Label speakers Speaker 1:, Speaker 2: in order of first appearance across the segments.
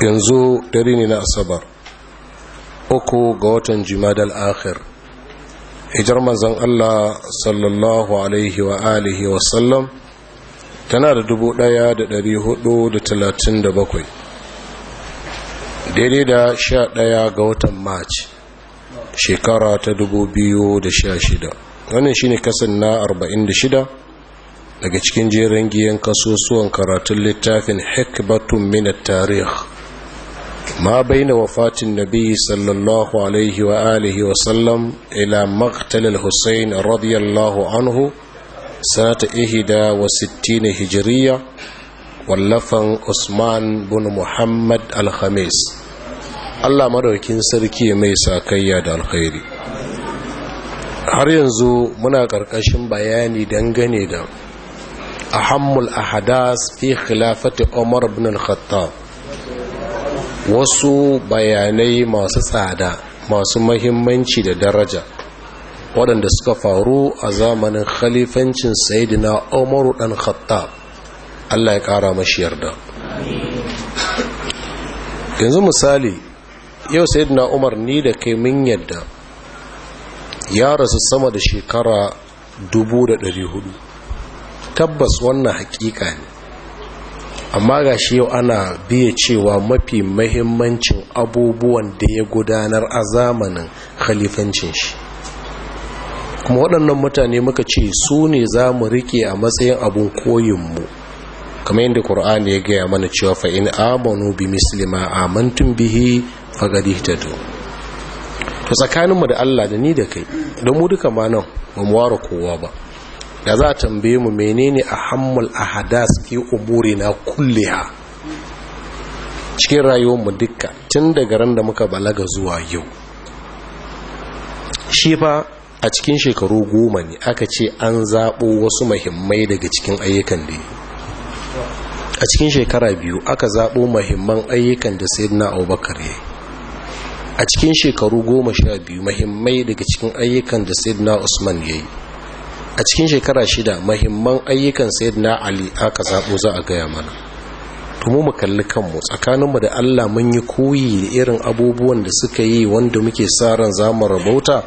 Speaker 1: yanzu dare ne na asabar uku ga watan jimadal akhir hijar manzan Allah sallallahu alaihi wa alihi wa tana da dubu daya da dari hudu da talatin da bakwai daidai da sha daya ga watan march shekara ta dubu biyu da sha shida wannan shine kasan na arba'in da shida daga cikin jerin giyan kasusuwan karatun littafin hikbatun minat tarih ما بين وفاة النبي صلى الله عليه وآله وسلم إلى مقتل الحسين رضي الله عنه سنة إهدى وستين هجرية واللفن عثمان بن محمد الخميس الله مدوكين سركي ميسا كياد الخير har yanzu muna ƙarƙashin bayani dangane da ahammul ahadas fi khilafati umar ibn al-khattab wasu bayanai masu tsada masu mahimmanci da daraja waɗanda suka faru a zamanin khalifancin sayidina umaru ɗan khattab allah ya ƙara mashi yarda yanzu misali yau sayidina umar ni da kai mun yadda ya rasu sama da shekara 400 tabbas wannan hakika ne amma ga shi yau ana biya cewa mafi mahimmancin abubuwan da ya gudanar a zamanin khalifancin shi kuma waɗannan mutane muka ce su ne za mu rike a matsayin abun koyinmu kamar yadda Kur'ani ya gaya mana cewa fa'in amonu bi a mantun bihi ta to tsakaninmu da allah da ni da kai don mu duka ma nan ba mu ware kowa ba da za a tambaye mu menene a hammul a hadas ke umuri na kulliha cikin rayuwarmu dukka tun daga ran da muka balaga zuwa yau shi fa a cikin shekaru goma ne aka ce an zaɓo wasu mahimmai daga cikin ayyukan da a cikin shekara biyu aka zaɓo mahimman ayyukan da sayyidina abubakar ya yi a cikin shekaru goma sha biyu mahimmai daga cikin ayyukan da sayyidina usman ya yi a cikin shekara shida mahimman ayyukan sayyidina ali aka zaɓo za a gaya mana to mu kalli kanmu tsakaninmu da allah mun yi koyi da irin abubuwan da suka yi wanda muke sa ran zamu rabauta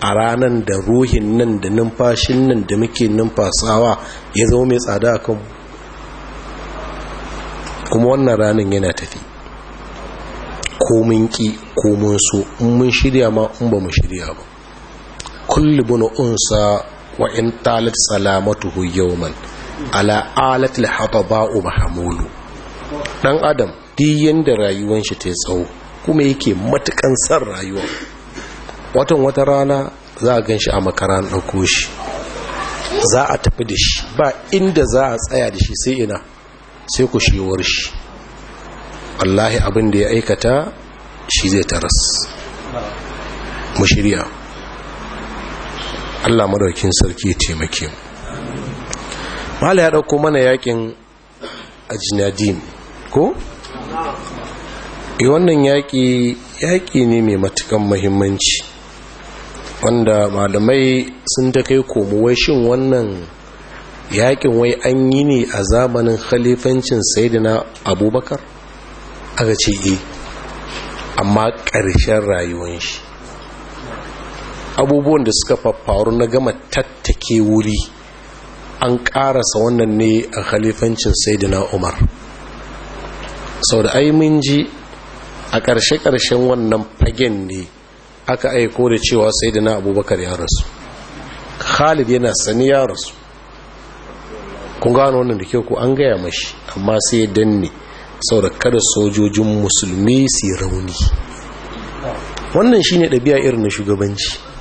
Speaker 1: a ranar da ruhin nan da numfashin nan da muke numfasawa ya zama mai tsada a kanmu kuma wannan ranar yana tafi ko mun ki ko mun so mun shirya ma in ba mu shirya ba kullu bunu unsa wa in talat salamatuhu yawman ala alat al mahmulu dan adam diyin da rayuwar shi ta tsawo kuma yake matukan san rayuwa watan wata rana za a gan a makaran dauko shi za a tafi da shi ba inda za a tsaya da shi sai ina sai ku shiwar shi wallahi abin da ya aikata shi zai taras mu shirya Allah madaukin sarki ya taimake mu mala ya dauko mana yakin ajnadin ko eh wannan yaki yaki ne mai matukan muhimmanci wanda malamai sun ta kai komo wai shin wannan yakin wai an yi ne a zamanin khalifancin sayyidina abubakar aka ce eh amma ƙarshen rayuwar shi abubuwan da suka faffaru na gama tattake wuri an karasa wannan ne a khalifancin saidina umar sau da mun ji a ƙarshe-ƙarshen wannan fagen ne aka aiko da cewa na abubakar ya rasu khalid yana sani ya rasu kun gano wannan da kyau ko an gaya mashi amma sai ya danne sau da kada sojojin musulmi su rauni wannan shine ɗabi'a irin na shugabanci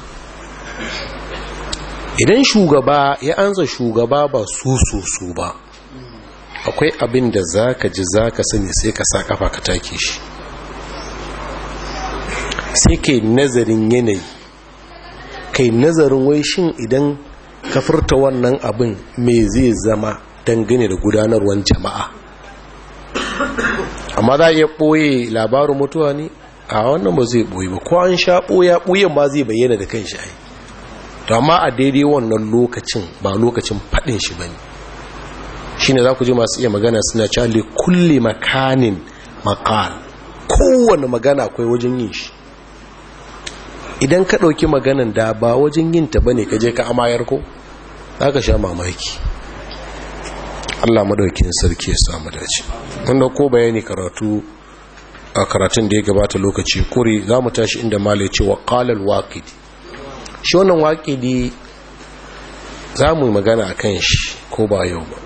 Speaker 1: idan shugaba ya ansa shugaba ba su su su ba akwai abin da za ka ji za ka sani sai ka sa kafa ka take shi sai kai nazarin yanayi kai nazarin wai shin idan ka furta wannan abin mai zai zama dangane da gudanarwar jama'a amma za a iya ɓoye labarin mutuwa ne a wannan ba zai ɓoye ba ko an sha ɓoya ɓoyen ba zai bayyana da kan shi ai to amma a daidai wannan lokacin ba lokacin faɗin shi ba ne shi ne za ku ji masu iya magana suna ca'li kulle makanin makal kowane magana akwai wajen yin shi idan ka ɗauki maganan da ba wajen yin ta bane ka je ka amayar ko za ka sha mamaki allah madaukin sarki ya samu dace wanda ko bayani karatu a karatun da ya gabata lokaci kuri za mu tashi inda malai ce wa kalal waƙidi shi wannan ne za mu magana a kan shi ko ba yau ba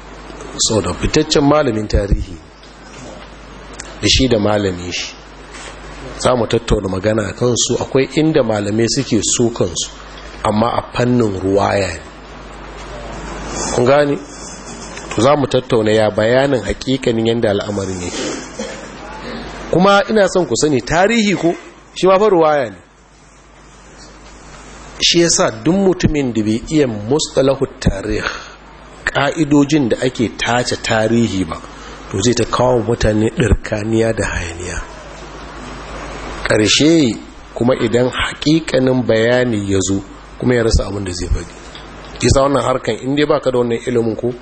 Speaker 1: sau da fitaccen malamin tarihi da shi da malami shi za mu tattauna magana a kansu akwai inda malamai suke su kansu amma a fannin ruwa ya ne kun gani to za mu tattauna ya bayanin hakikanin yadda al'amarin yake kuma ina son ku sani tarihi ko shi ma ruwa ya ne shi yasa duk mutumin da bai iya mustalahu tarih ka'idojin da ake tace tarihi ba to zai ta kawo mutane ɗirkaniya da hayaniya ƙarshe kuma idan haƙiƙanin bayani ya zo kuma ya rasa abin da zai faɗi isa wannan harkan inda ba ka da wannan ilimin ko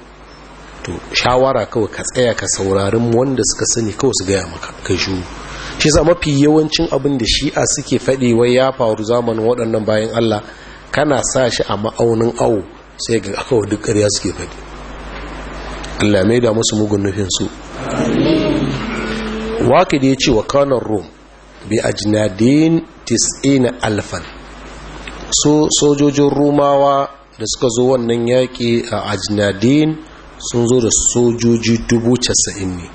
Speaker 1: to shawara kawai ka tsaya ka saurarin wanda suka sani kawai su gaya maka kai shi. shi za mafi yawancin abin da shi'a suke faɗi wai ya faru zamanin waɗannan bayan Allah kana sa shi a ma'aunin awo sai ga aka duk ƙarya suke faɗi Allah mai da musu mugun nufin su waka da ya ce wa kanar rom bi ajnadin tis'ina alfan so sojojin rumawa da suka zo wannan yaƙi a ajnadin sun zo da sojoji dubu casa'in ne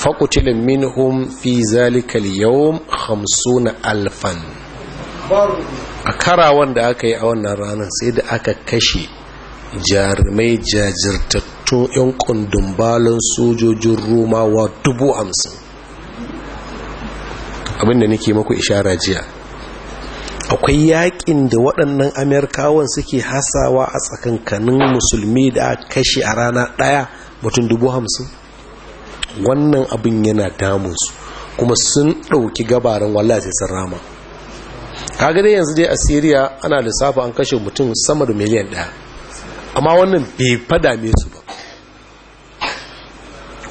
Speaker 1: faƙutilin minhum fi zalikal yawon hamsu na alfan a karawan da aka yi a wannan ranar sai da aka kashe jarumai jajirtattun 'yan kundin balon sojojin rumawa dubu hamsin abinda nake maku ishara jiya akwai yaƙin da waɗannan amerikawan suke hasawa a tsakankanin musulmi da kashe a rana ɗaya mutum dubu hamsin wannan abin yana damunsu kuma sun ɗauki gabarin wallahi sai sun rama kaga dai yanzu dai a syria ana lissafa an kashe mutum sama da miliyan ɗaya amma wannan bai fada su ba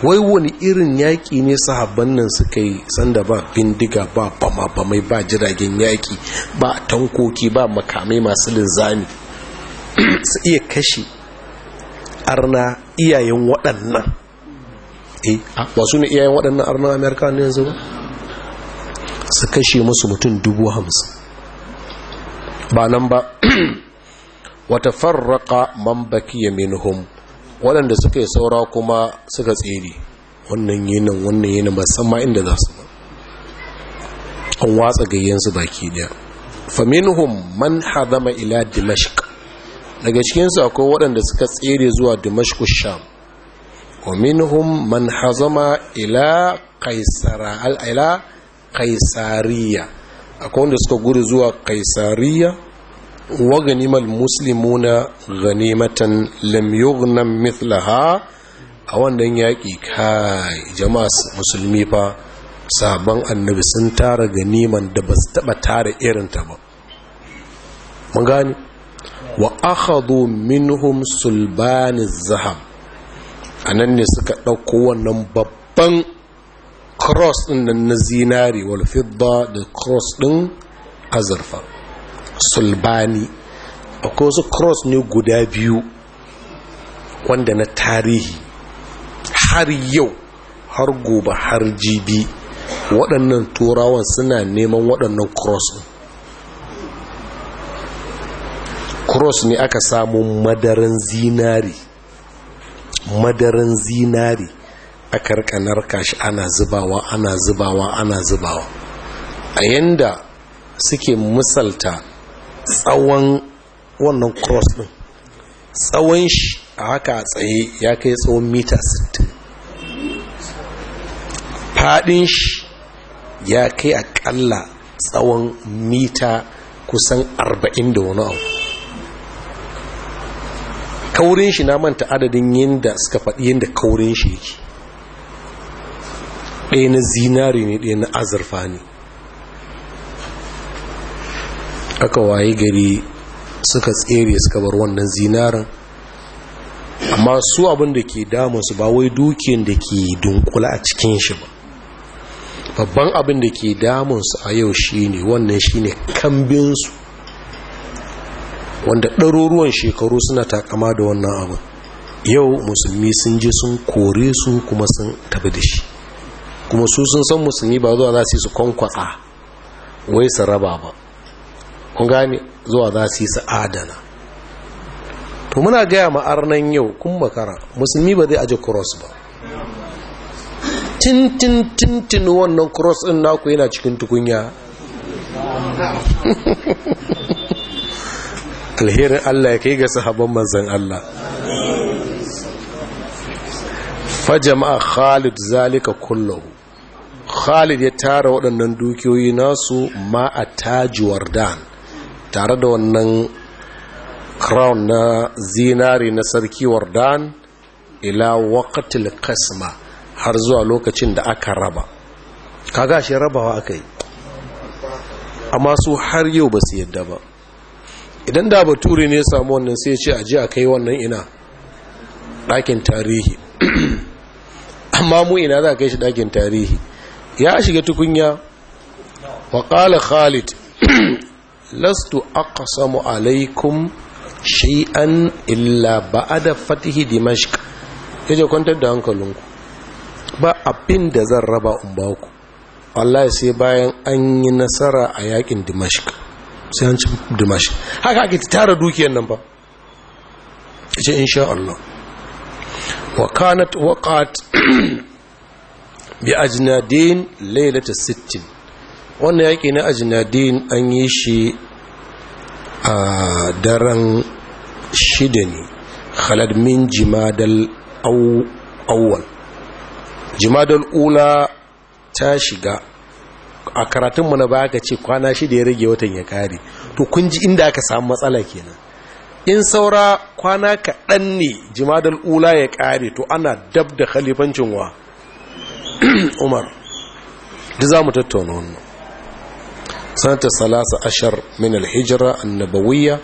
Speaker 1: wai wani irin yaƙi ne sahabban nan suka yi sanda ba bindiga ba bama-bamai ba jiragen yaƙi ba tankoki ba makamai masu linzami su iya kashe arna iyayen waɗannan eh ba su ne iyayen waɗannan arnan amerika ne yanzu ba su kashe musu mutum dubu hamsin ba nan ba wata farraka man bakiya minhum waɗanda suka yi saura kuma suka tsere wannan yinan wannan yinan ba san ma inda za su ba an watsa gayyansu baki daya faminhum man hadama ila dimashq daga cikinsu akwai waɗanda suka tsere zuwa dimashq sham wa minhum man hazama ila kaisara al'ila kaisariya akwai suka gudu zuwa kaisariya wa ganimal muslimuna ganimatan lam yughnan mithlaha a wannan yaƙi kai jama'a musulmi fa sabon annabi sun tara ganiman da ba su taɓa tara irinta ba wa akhadhu minhum sulbani zahab a nan ne suka ɗauko wannan babban cross ɗin nan na zinari wal fidda da cross ɗin azurfa sulbani akwai wasu cross ne guda biyu wanda na tarihi har yau har gobe har jibi waɗannan turawan suna neman waɗannan cross cross ne aka samu madaran zinari madaran zinari a karkanar kashi ana zubawa ana zubawa ana zubawa a yanda suke misalta tsawon wannan cross din tsawon shi a haka a tsaye ya kai tsawon mita 60 fadin shi ya kai akalla tsawon mita kusan 40 da wani abu kaurin shi na manta adadin yadda suka faɗi yadda kaurin shi yake ɗaya na zinari ne ɗaya na azurfa ne aka waye gari suka tsere suka bar wannan zinarin amma su abinda ke damunsu ba wai dukiyar da ke dunkula a cikin shi ba babban abin da ke damunsu a yau shi ne wannan shi ne kambinsu wanda ɗaruruwan shekaru suna takama da wannan abu yau musulmi sun je sun kore su kuma sun tabi da shi kuma su sun san musulmi ba zuwa za su yi su kwankwasa wai su raba ba kun gane zuwa za su yi su adana to muna gaya ma'ar nan yau kun makara musulmi ba zai aji cross ba tintin wannan cross ɗin naku yana cikin tukunya alherin Allah ya kai ga sahabban manzan Allah fa jama'a Khalid zalika kullu Khalid ya tara waɗannan dukiyoyi nasu ma a taji dan. tare da wannan crown na zinari na sarki wardan ila waqtil qasma har zuwa lokacin da aka raba kaga shi rabawa akai amma su har yau ba su yadda ba idan da bature ne samu wannan sai ce aji a kai wannan ina ɗakin tarihi amma mu ina za a kai shi ɗakin tarihi ya shiga tukunya waƙala khalid lastu aqsamu alaikum shian illa da fatihi Ya je kwantar da hankalinku ba abin da zan raba in baku wallahi sai bayan an yi nasara a yakin dimashq sai an ci dumashi haka ake tara dukiyar nan ba ce insha Allah wa kanat waqat bi ajnadin lailata sittin, wannan yaki na ajnadin an yi shi a daren shida ne khalad min jimadal awwal jimadal ula ta shiga a karatunmu na baya ka ce kwana shida ya rage watan ya kare to kun ji inda aka samu matsala kenan in saura kwana kaɗan ne jimadal ula ya kare to ana dab da khalifancin wa umar da za mu tattauna wannan sanata salasa ashar min alhijira annabawiyya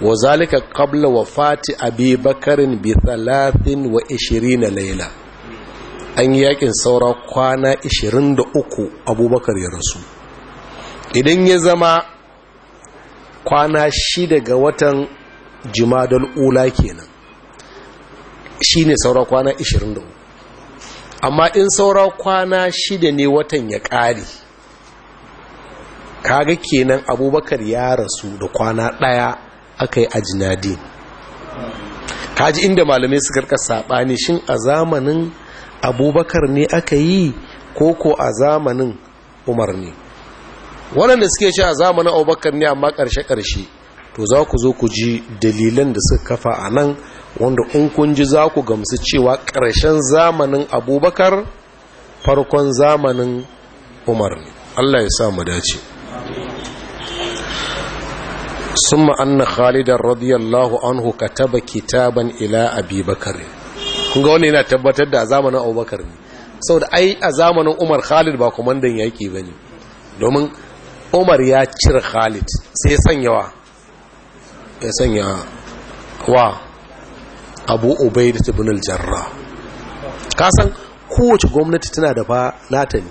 Speaker 1: wa zalika qabla wafati abi bakarin bi 23 laila an yi yakin saura kwana 23 abubakar ya rasu idan ya zama kwana shida ga watan jimadar ula kenan shi ne saura kwana 23 amma in saura kwana shida ne watan ya ƙare kaga kenan abubakar ya rasu da kwana ɗaya aka yi ajinadi kaji inda malamai suka karkar saɓani shin a zamanin abubakar ne aka yi koko a zamanin umar ne waɗanda suke ce a zamanin abubakar ne amma ƙarshe-ƙarshe to za ku zo ku ji dalilan da suka kafa a nan wanda in kun ji za ku gamsu cewa ƙarshen zamanin abubakar farkon zamanin umar ne allah ya sa mu dace summa anna khalidan radiyallahu anhu kataba kitaban ila ne kunga ga yana tabbatar da a zamanin abubakar ne saboda ai a zamanin umar khalid ba kwamandan yaƙi ba ne domin umar ya cire khalid sai ya sanya wa ya sanya abu obai da tibinul jarra kasan kowace gwamnati tana da ba nata ne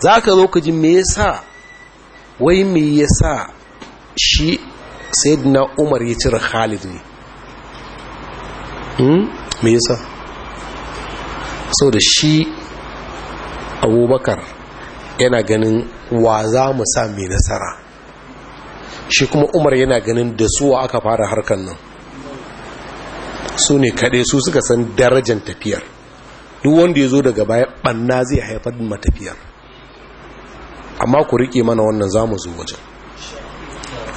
Speaker 1: za ka zo ka ji me yasa wai me yasa shi sayyidina umar ya cire khalid ne hmm? me yasa sau da shi abubakar yana ganin wa za mu sa mai nasara shi kuma umar yana ganin da suwa aka fara harkar nan su ne kaɗai su suka san darajar tafiyar duk wanda ya zo daga baya ɓanna zai haifar da matafiyar amma ku riƙe mana wannan za mu zo wajen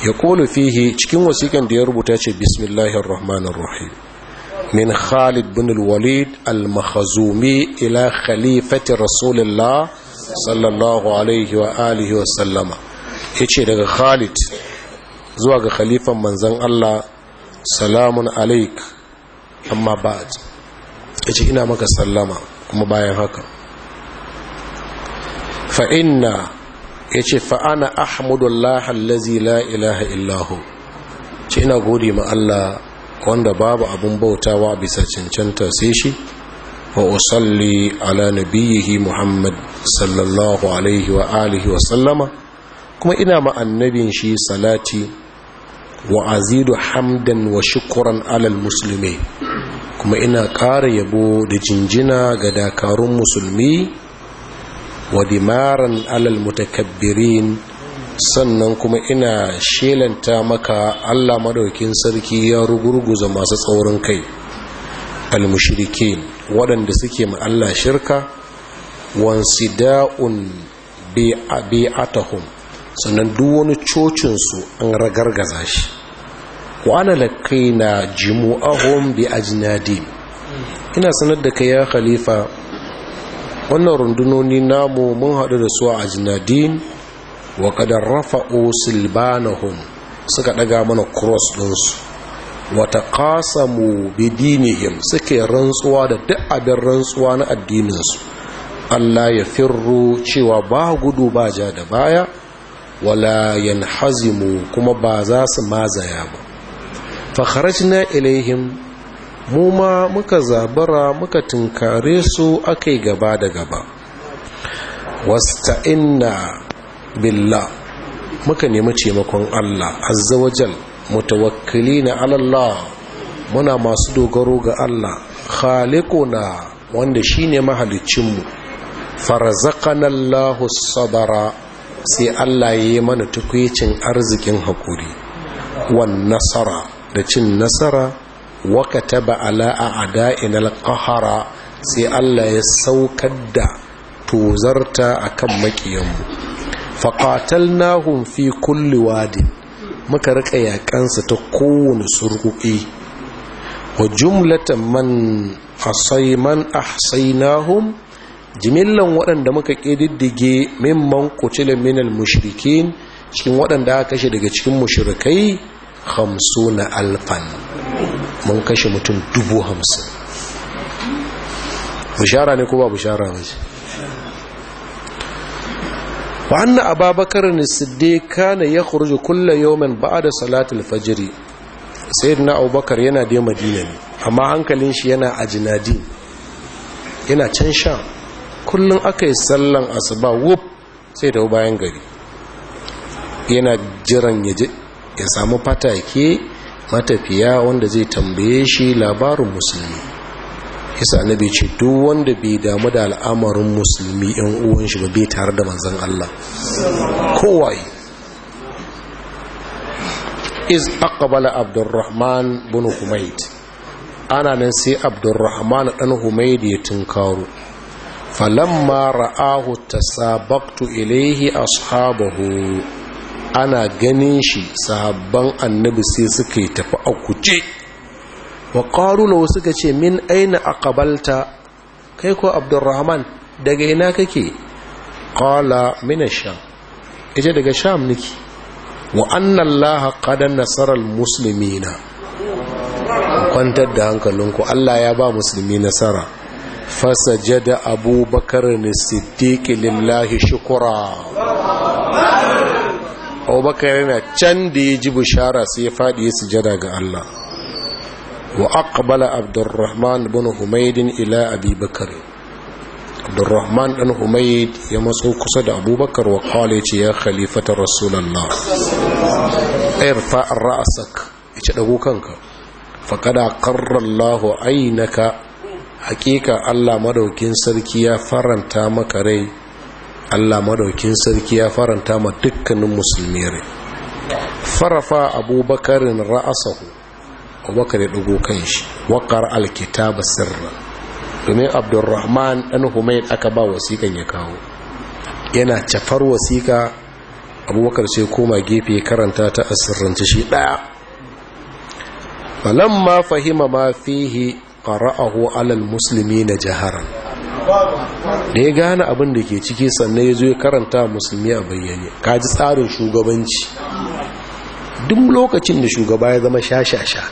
Speaker 1: ya ƙolo fihe cikin wasiƙan da ya rubuta ce bismillahirrahmanirrahim min khalid bin walid al-makhazumi ila khalifati rasulullah sallallahu alaihi wa alihi wa sallama yace daga khalid zuwa ga khalifan manzon Allah salamun alaik amma ba'd yace ina maka sallama kuma bayan haka fa inna yace fa ana ahmudullah allazi la ilaha illahu ce ina gode ma Allah wanda babu abin bautawa bisa cancanta sai shi wa usalli ala nabiyyihi muhammad sallallahu alaihi wa alihi wa sallama kuma ina ma annabin shi salati wa azidu hamdan wa shukuran alal musulmi kuma ina ƙara yabo da jinjina ga dakarun musulmi wa dimaran alal mutakabbirin sannan kuma ina shelanta maka Allah madaukin sarki ya rugurguza masu tsaurin kai al-mushrikin waɗanda suke ma Allah shirka wansida'un bi'atahum sannan duk wani cocin su an ragargaza shi wa ana lakaina jimu'ahum bi ajnadim ina sanar da kai ya khalifa wannan rundunoni namu mun haɗu da su a ajnadin wa kadar rafa'u silbanahum suka daga mana cross ɗinsu wata bi dini suke rantsuwa da duk abin rantsuwa na addininsu Allah ya firru cewa ba gudu ba ja da baya wala hazimu kuma ba za su mazaya ba na ilaihim mu ma muka zabara muka tunkare su akai gaba da gaba wasta'inna billah muka nemi taimakon Allah azza wajal mutawakkilina ala Allah muna masu dogaro ga Allah na wanda shine mahaliccin mu farzaqana Allahu sabara sai Allah ya yi mana tukwicin arzikin hakuri wan nasara da cin nasara wa kataba ala'a a al-qahara sai Allah ya saukar da tozarta akan makiyanmu faƙatalnahum fi kulli wadin muka riƙa yaƙansa ta kowane surguƙi wa jumlatan man asaiman ahsainahum jimillan waɗanda muka ƙididdige mimman kucilin minal mushrikin cikin waɗanda aka kashe daga cikin mushrikai hamsu na alfan mun kashe mutum dubu hamsin bishara ne ko ba bishara ba wa anna ababakar ne siddiq kana ya kurji yomen yawman da salatul fajiri fajr na abubakar yana da madina ne amma hankalin shi yana a jinadi yana can sha Kullum aka yi sallan asuba wuf sai da bayan gari yana jiran ya samu fatake matafiya wanda zai tambaye shi labarin musulmi isa annabi ce duk wanda bai damu da al'amarin musulmi yan uwan shi ba bai tare da manzon Allah kowai iz aqbala abdurrahman bin humayd ana nan sai abdurrahman dan humayd ya tunkaro falamma ra'ahu tasabaqtu ilayhi ashabahu ana ganin shi sahabban annabi sai suka tafi a kuce wa wasu ka ce min aina ƙabalta kai ko abdurrahman daga ina kake ƙala mina sham daga sham niki wa nan laha qad nasarar musulmi na kwantar da hankalinku Allah ya ba musulmi nasara fasa jada abubakar ne siddiqi lillahi shukura abubakar yana can da ya ji bishara sai ya faɗi ya sujada ga Allah wa aqbala abdurrahman bin humayd ila abi bakr abdurrahman dan humayd ya matso kusa da abubakar wa qala yace ya khalifata rasulullah irfa ra'sak yace dago kanka faqada qarra allah aynaka hakika allah madaukin sarki ya faranta maka rai allah madaukin sarki ya faranta ma dukkanin musulmi rai farafa abubakarin ra'asahu abubakar ya ɗago kan shi waƙar alkitab sirra domin abdurrahman ɗan humaid aka ba wasiƙan ya kawo yana cafar wasiƙa abubakar sai koma gefe karanta ta asirranci shi ɗaya falamma fahima ma fihi qara'ahu alal musulmi na jaharan da ya gane abin da ke ciki sannan ya zo ya karanta musulmi a bayyane Ka ji tsarin shugabanci duk lokacin da shugaba ya zama sha shashasha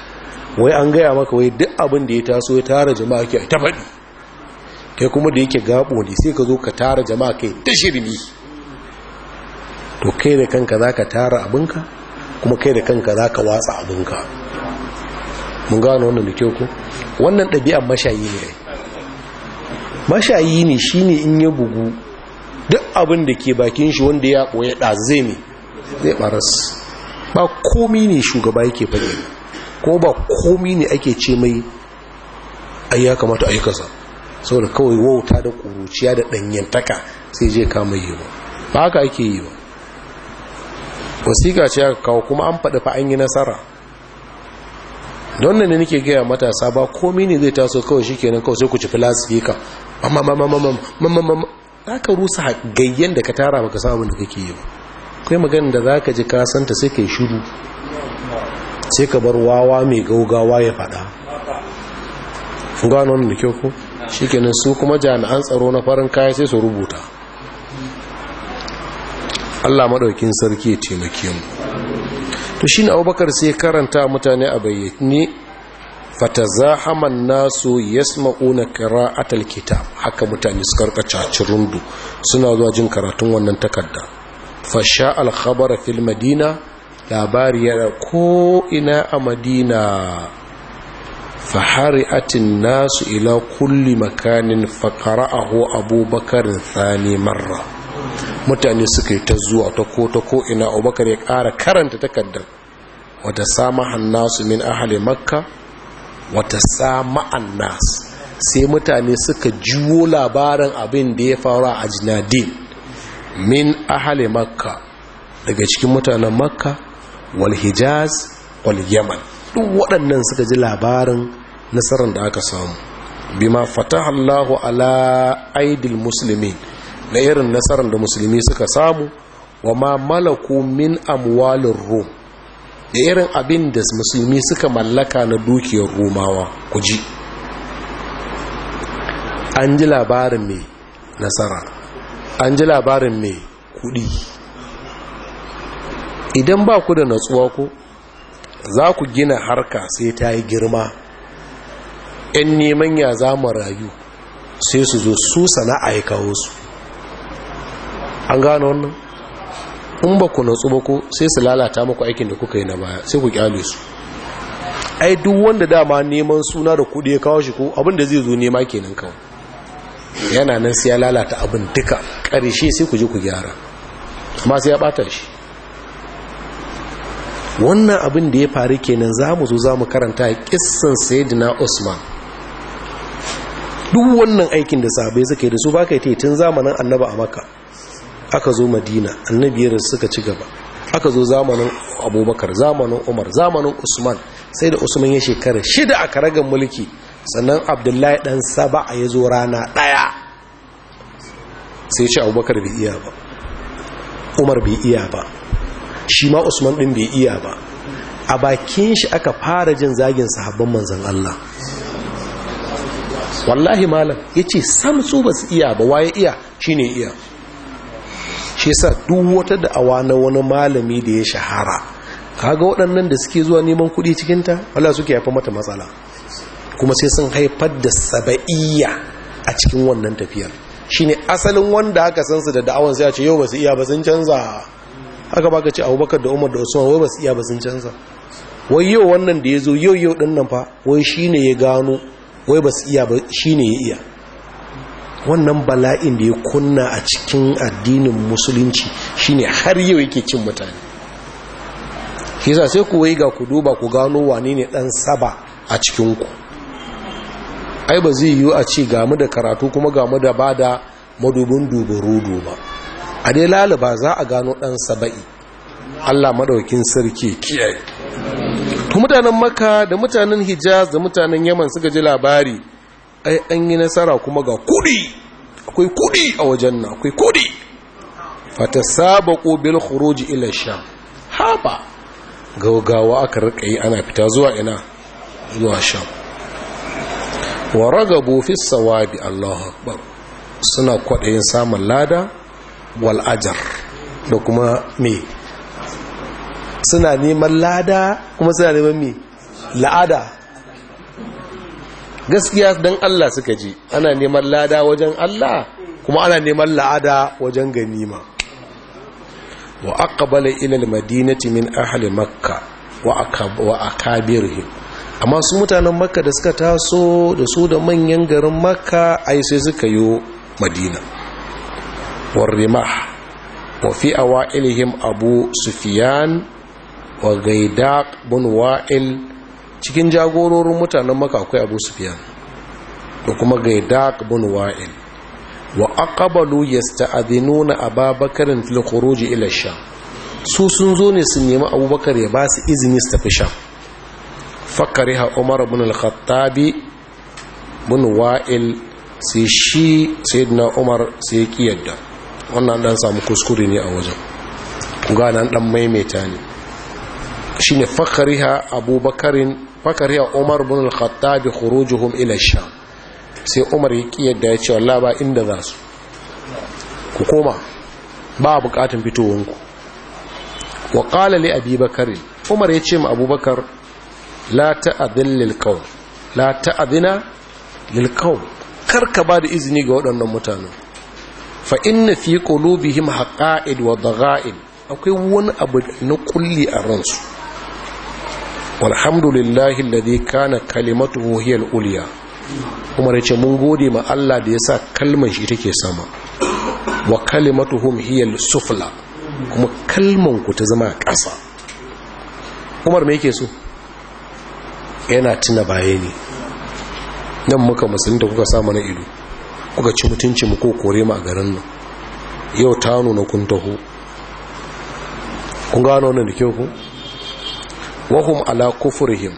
Speaker 1: wai an gaya maka wai duk abin da ya taso ya tara jama'a ke ta faɗi kai kuma da yake gabo ne sai ka zo ka tara jama'a kai ta shirmi to kai da kanka za ka tara abinka kuma kai da kanka za ka watsa abinka mun gano wannan da kyau ko? wannan ɗabi'an mashayi ne mashayi ne shi ne in ya bugu duk abin da ke bakin shi wanda ya ɓoye ɗazu zai ne zai ɓaras ba komi ne shugaba yake fage ko ba komi ne ake ce mai ai ya kamata ayi kasa saboda kawai wauta da kuruciya da ɗanyantaka sai je kama yi ba ba haka ake yi ba wasiƙa ce aka kawo kuma an faɗi fa an yi nasara don nan ne nake gaya matasa ba komi ne zai taso kawai shi kenan kawai sai ku ci filasifika za ka rusa gayyen da ka tara baka samun da kake yi ba kai magana da za ka ji kasanta sai ka yi shuru sai ka bar wawa mai gaugawa ya faɗa gano da kyau ko shikenan su kuma jami'an tsaro na farin kaya sai su rubuta Allah maɗaukin sarki ya taimake mu to shine Abubakar sai karanta mutane a bayyane fatazahaman nasu yasma'una qira'atal kitab haka mutane su karka cacirundu suna zuwa jin karatun wannan takarda fasha al filmadina. labari yana ko ina a madina fahari atin nasu ila kulli makanin ho abubakar Sani marra mutane suka yi ta zuwa ta ko ta ko ina abubakar ya ƙara karanta takardar wata samahan nasu min ahali makka wata sama'an nasu sai mutane suka juwo labarin abin da ya faru a jinadin min ahali makka daga cikin mutanen makka walhijaz hijaz wal yaman duk waɗannan suka ji labarin nasarar da aka samu bima fataha Allahu ala aidil muslimin na irin nasarar da musulmi suka samu wa ma malaku min amwalin rum da irin abin da musulmi suka mallaka na dukiyar rumawa ku ji an ji labarin mai nasara an ji labarin mai kudi idan ba ku da natsuwa ku za ku gina harka sai ta yi girma ‘yan neman ya za mu rayu sai su zo su sana'a ya kawo su an gano wannan in ba ku natsu ba ku sai su lalata maku aikin da kuka yi na baya sai ku kyale su ai duk wanda dama neman suna da kudi ya kawo shi ko abin da zai zo nema kenan kawo yana nan sai ya lalata abin duka ƙarshe sai ku je ku gyara amma sai ya bata shi wannan abin da ya faru kenan za mu zo za mu karanta kissan sayyidina usman duk wannan aikin da sahabbai suka yi da su ba ka yi tun zamanin annaba a maka aka zo madina annabiyar suka ci gaba aka zo zamanin abubakar zamanin umar zamanin usman sai da usman ya shekara shida a karagar mulki sannan abdullahi dan saba'a ya zo rana daya sai ce abubakar bai iya ba umar bai iya ba shi ma usman ɗin bai iya ba a bakin shi aka fara jin zagin sahabban manzan Allah wallahi malam ya ce samsu ba su iya ba waye iya shi ne iya shi sa duk wata awa na wani malami da ya shahara kaga waɗannan da suke zuwa neman kuɗi cikinta wala suke haifa mata matsala kuma sai sun haifar da saba'iyya a cikin wannan tafiyar Shi ne asalin wanda aka san su da da'awan sai ce yau ba su iya ba sun canza haka baka ce abubakar da umar da usman wai ba su iya ba sun canza wai yau wannan da ya zo yau yau ɗin nan fa wai shi ne ya gano wai ba su iya ba shi ne ya iya wannan bala'in da ya kunna a cikin addinin musulunci shi ne har yau yake cin mutane shi sa sai ku wai ga ku duba ku gano wane ne dan saba a cikinku. ku ai ba zai yiwu a ce gamu da karatu kuma gamu da bada madubin dubarudu ba a dai lalaba za a gano ɗan saba'i allah maɗaukin sarki kiyaye to mutanen maka da mutanen hijaz da mutanen yaman suka ji labari ai an yi nasara kuma ga kudi akwai kudi a wajen na akwai kudi fata saba ƙobin khuruji ila sha. haba gaugawa aka rika yi ana fita zuwa ina zuwa sham wa ragabu fi sawabi allahu akbar suna kwaɗayin samun lada wal ajar da kuma me suna neman lada kuma suna neman me la'ada gaskiya don Allah suka ji ana neman lada wajen Allah kuma ana neman la'ada wajen ganima wa bala ilil madinati min ahli makka wa akabirihim amma su mutanen makka da suka taso da su da manyan garin makka ai sai suka yo madina والرماح وفي أوائلهم أبو سفيان وغيداق بن وائل cikin jagororin mutanen maka akwai abu sufiyan da kuma gaidak bin wa'il wa aqbalu yasta'dhinuna ababakarin fil khuruj ila sham su sun zo ne su nemi abubakar ya ba su izini su tafi sham fakariha umar bin al-khattabi bin wa'il sai shi sayyidina umar sai ki yadda. wannan dan samu kuskure ne a wajen kuga nan dan maimaita ne shine fakariha abubakarin fakariha umar bin al-khattab khurujuhum ila sham sai umar ya yadda ya ce wallahi ba inda za su ku koma ba bukatun fitowanku wa qala li abubakarin umar ya ce ma abubakar la ta'adhin lil qawl la ta'adhina lil kar karka ba da izini ga waɗannan mutanen fa inna fi qulubihim haqa'id wa dagha'in akwai wani abu na kulli a ransu walhamdulillahi alladhi kana kalimatuhu hiya al-ulya kuma yace mun gode ma Allah da yasa kalmar shi take sama wa kalimatuhum hiya al-sufla kuma kalman ku ta zama ƙasa Umar me yake so yana tuna bayani nan muka musulunta kuka sa na ido kuka ci mutunci mu ko kore mu a garin nan yau ta nuna kun taho kun gano wannan da kyau ku wahum ala kufurihim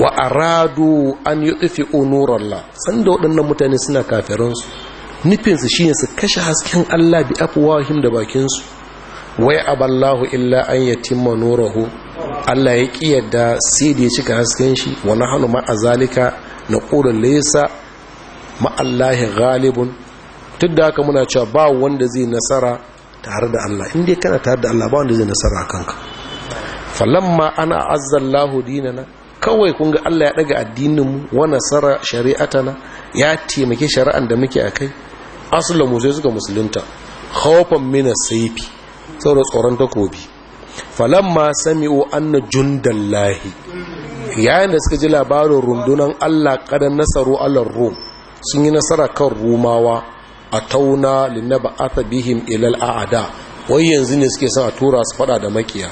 Speaker 1: wa aradu an yudfi nurallah san da waɗannan mutane suna kafiransu nufinsu shine su kashe hasken Allah bi afwahim da bakinsu wai aballahu illa an yatimma nurahu Allah ya ƙi sai da ya cika hasken shi wa nahnu azalika na naqulu laysa ma'allahi galibun duk da haka muna cewa ba wanda zai nasara tare da Allah inda kana tare da Allah ba wanda zai nasara kanka falamma ana azan azzallahu na kawai kunga Allah ya daga addininmu wa nasara shari'atana ya taimake shari'an da muke a kai aslamu sai suka musulunta khawfan min as-sayfi saboda tsoron takobi falamma sami'u anna jundallahi yayin da suka ji labarin rundunan Allah kadan nasaru alar rum sun yi nasara kan rumawa a tauna linnaba ata bihim ilal a'ada wai yanzu ne suke so a tura su fada da makiya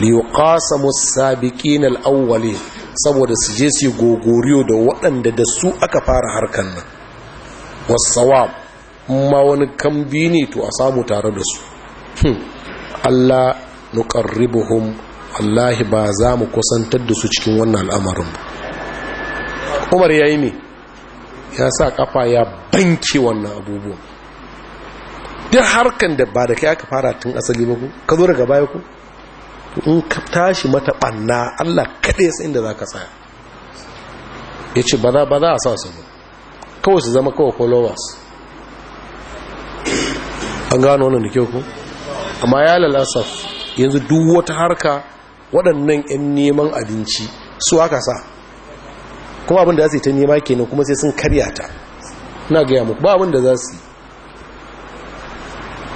Speaker 1: liyuqasamu sabiqin al-awwalin saboda su je su gogoriyo da waɗanda da su aka fara harkan nan wasawab ma wani kambi ne to a samu tare da su hmm. Allah nuqarribuhum wallahi ba za mu kusantar da su cikin wannan al'amarin Umar yayi ne ya sa kafa ya banke wannan abubuwan duk harkan da ba da kai aka fara tun asali ba ku ka zo daga baya ku in ka tashi mata banna Allah kaɗai sai inda za ka tsaya ya ce ba za a sa su ba kawai su zama kawai followers an gano wannan da kyau ku amma ya lalasaf yanzu duk wata harka waɗannan 'yan neman abinci su aka sa kuma abin da za su yi ta nema kenan kuma sai sun karya ta na gaya muku ba abin za su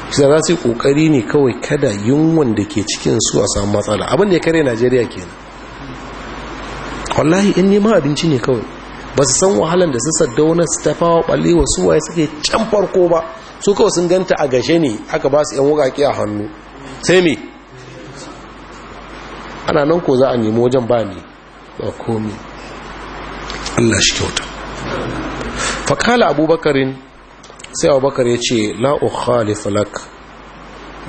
Speaker 1: yi za su yi kokari ne kawai kada yunwan da ke cikin su a samu matsala abin da ya kare najeriya kenan wallahi in nema abinci ne kawai ba su san wahalan da su saddauna su tafawa balle wasu waye suke can farko ba su kawai sun ganta a gashe ne aka ba su yan wukaki a hannu sai me ana nan ko za a nemi wajen ba ne ba komi Allah shi kyauta faƙala abubakarin sai abubakar ya ce la'u khalifalak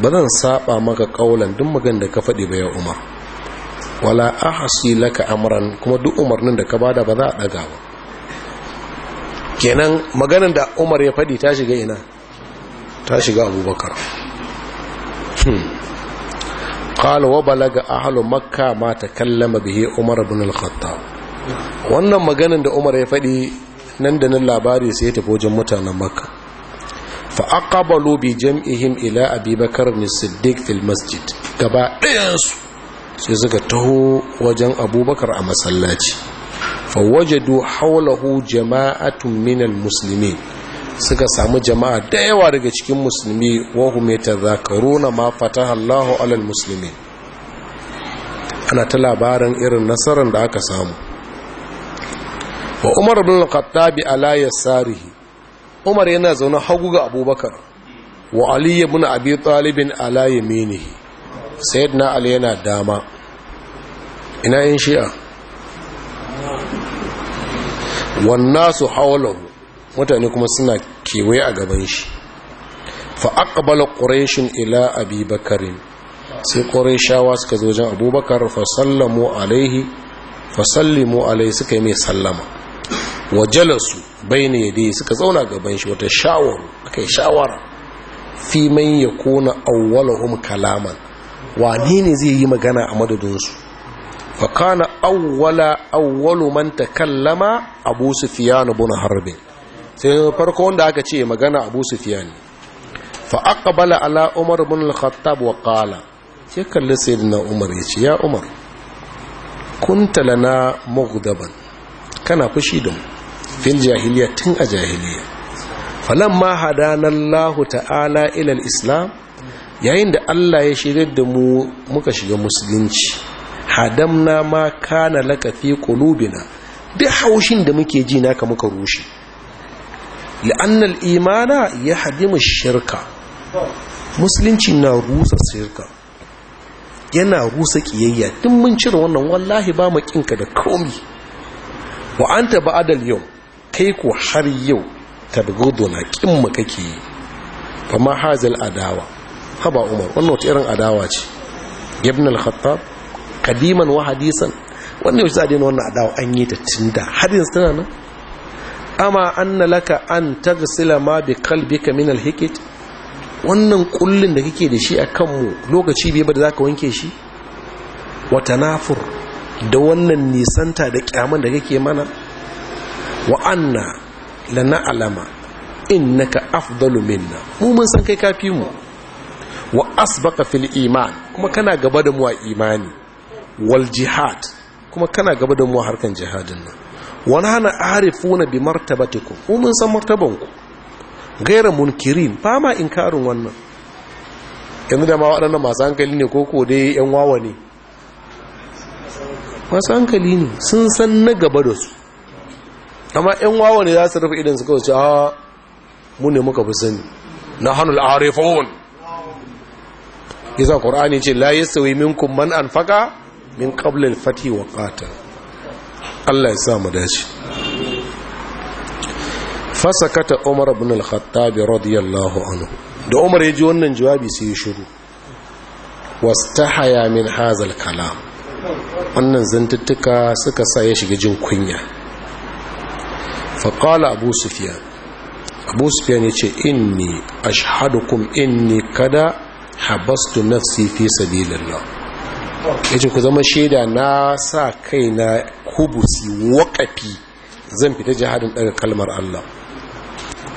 Speaker 1: ba zan saba maka ƙaunar duk magan da ka faɗi bayan umar wala ahasi laka amran kuma duk umarnin da ka bada ba za a ɗaga ba kenan maganin da umar ya faɗi ta shiga ina ta shiga abubakar قال وبلغ أهل مكة ما تكلم به عمر بن الخطاب wannan maganin da umar ya faɗi nan da nan labari sai ya tafi wajen mutanen makka fa aqbalu bi jam'ihim ila abi bakr as-siddiq fil masjid gaba ɗayansu sai suka taho wajen abubakar a masallaci fa wajadu hawlahu jama'atun min al-muslimin suka samu jama'a da yawa daga cikin musulmi wahum yatazakaruna ma fataha Allahu alal muslimin ana ta labarin irin nasarar da aka samu wa umar bin al-khattabi ala yasarihi umar yana zaune hagu ga abubakar wa ali ibn abi talib ala yaminihi sayyidina ali yana dama ina yin shi'a wannasu hawlahu mutane kuma suna kewaye a gaban shi fa aqbala quraish ila abi bakr sai quraishawa suka zo wajen abubakar fa sallamu alaihi fa sallimu alaihi suka yi mai sallama wajalarsu jalasu ya dai suka zauna gaban shi wata a kai shawara fi kona yakuna awwaluhum kalaman wane ne zai yi magana a madadin su fa kana awwala awwalu man takallama abu sufyan ibn harb sai farko wanda aka ce magana abu sufyan fa aqbala ala umar bin al-khattab wa qala sai kalli sayyidina umar ya ce ya umar kunta lana mughdaban kana fushi da mu fil jahiliya tun a jahiliya ma falamma lahu ta'ala ilal islam yayin da Allah ya shirya da mu muka shiga musulunci hadamna ma kana lakafi kulubina. duk haushin da muke ji naka muka rushe la'anna ya imana mu shirka musulunci na rusa shirka yana rusa ƙiyayya tun mun cire wannan wallahi ba mu da komi wa anta adal yau kai ku har yau tabgudu na kin mu kake yi fa ma hazal adawa haba umar wannan wata irin adawa ce ibn al-khattab kadiman wa hadisan wannan yau zadin wannan adawa an yi ta tinda har yanzu tana nan amma anna laka an tagsila ma bi qalbika min al-hikit wannan kullun da kake da shi a mu lokaci bai ba da zaka wanke shi wa tanafur da wannan nisanta da kyaman da kake mana wa anna la na'lama innaka afdalu minna mu mun san kai kafi mu wa asbaka fil iman kuma kana gaba da mu a imani wal jihad kuma kana gaba da mu a harkan jihadin nan wa nana arifuna bi martabatikum mu mun san martabanku gairan munkirin ba ma inkarin wannan yanzu da ma waɗannan masu hankali ne ko ko dai yan wawa ne masu hankali ne sun san na gaba da su amma in wawa ne za su rufe idan su kawo ce a ah, mu ne muka fi sani na hannun al'arifon isa ƙorani ce la yi sauyi minkum man an faka min ƙablin fati wa ƙata allah ya sa mu dace fasakata umar abin al-khattabi radiyallahu anhu da umar ya ji wannan jawabi sai ya shiru haya min hazal kalam wannan zantuttuka suka sa ya shiga jin kunya faƙala abu sufiya abu sufiya ne ce inni ashhadukum inni kada habastu nafsi fi sabilillah yace ku zama shaida na sa kaina kubusi waƙafi zan fita jihadin daga kalmar Allah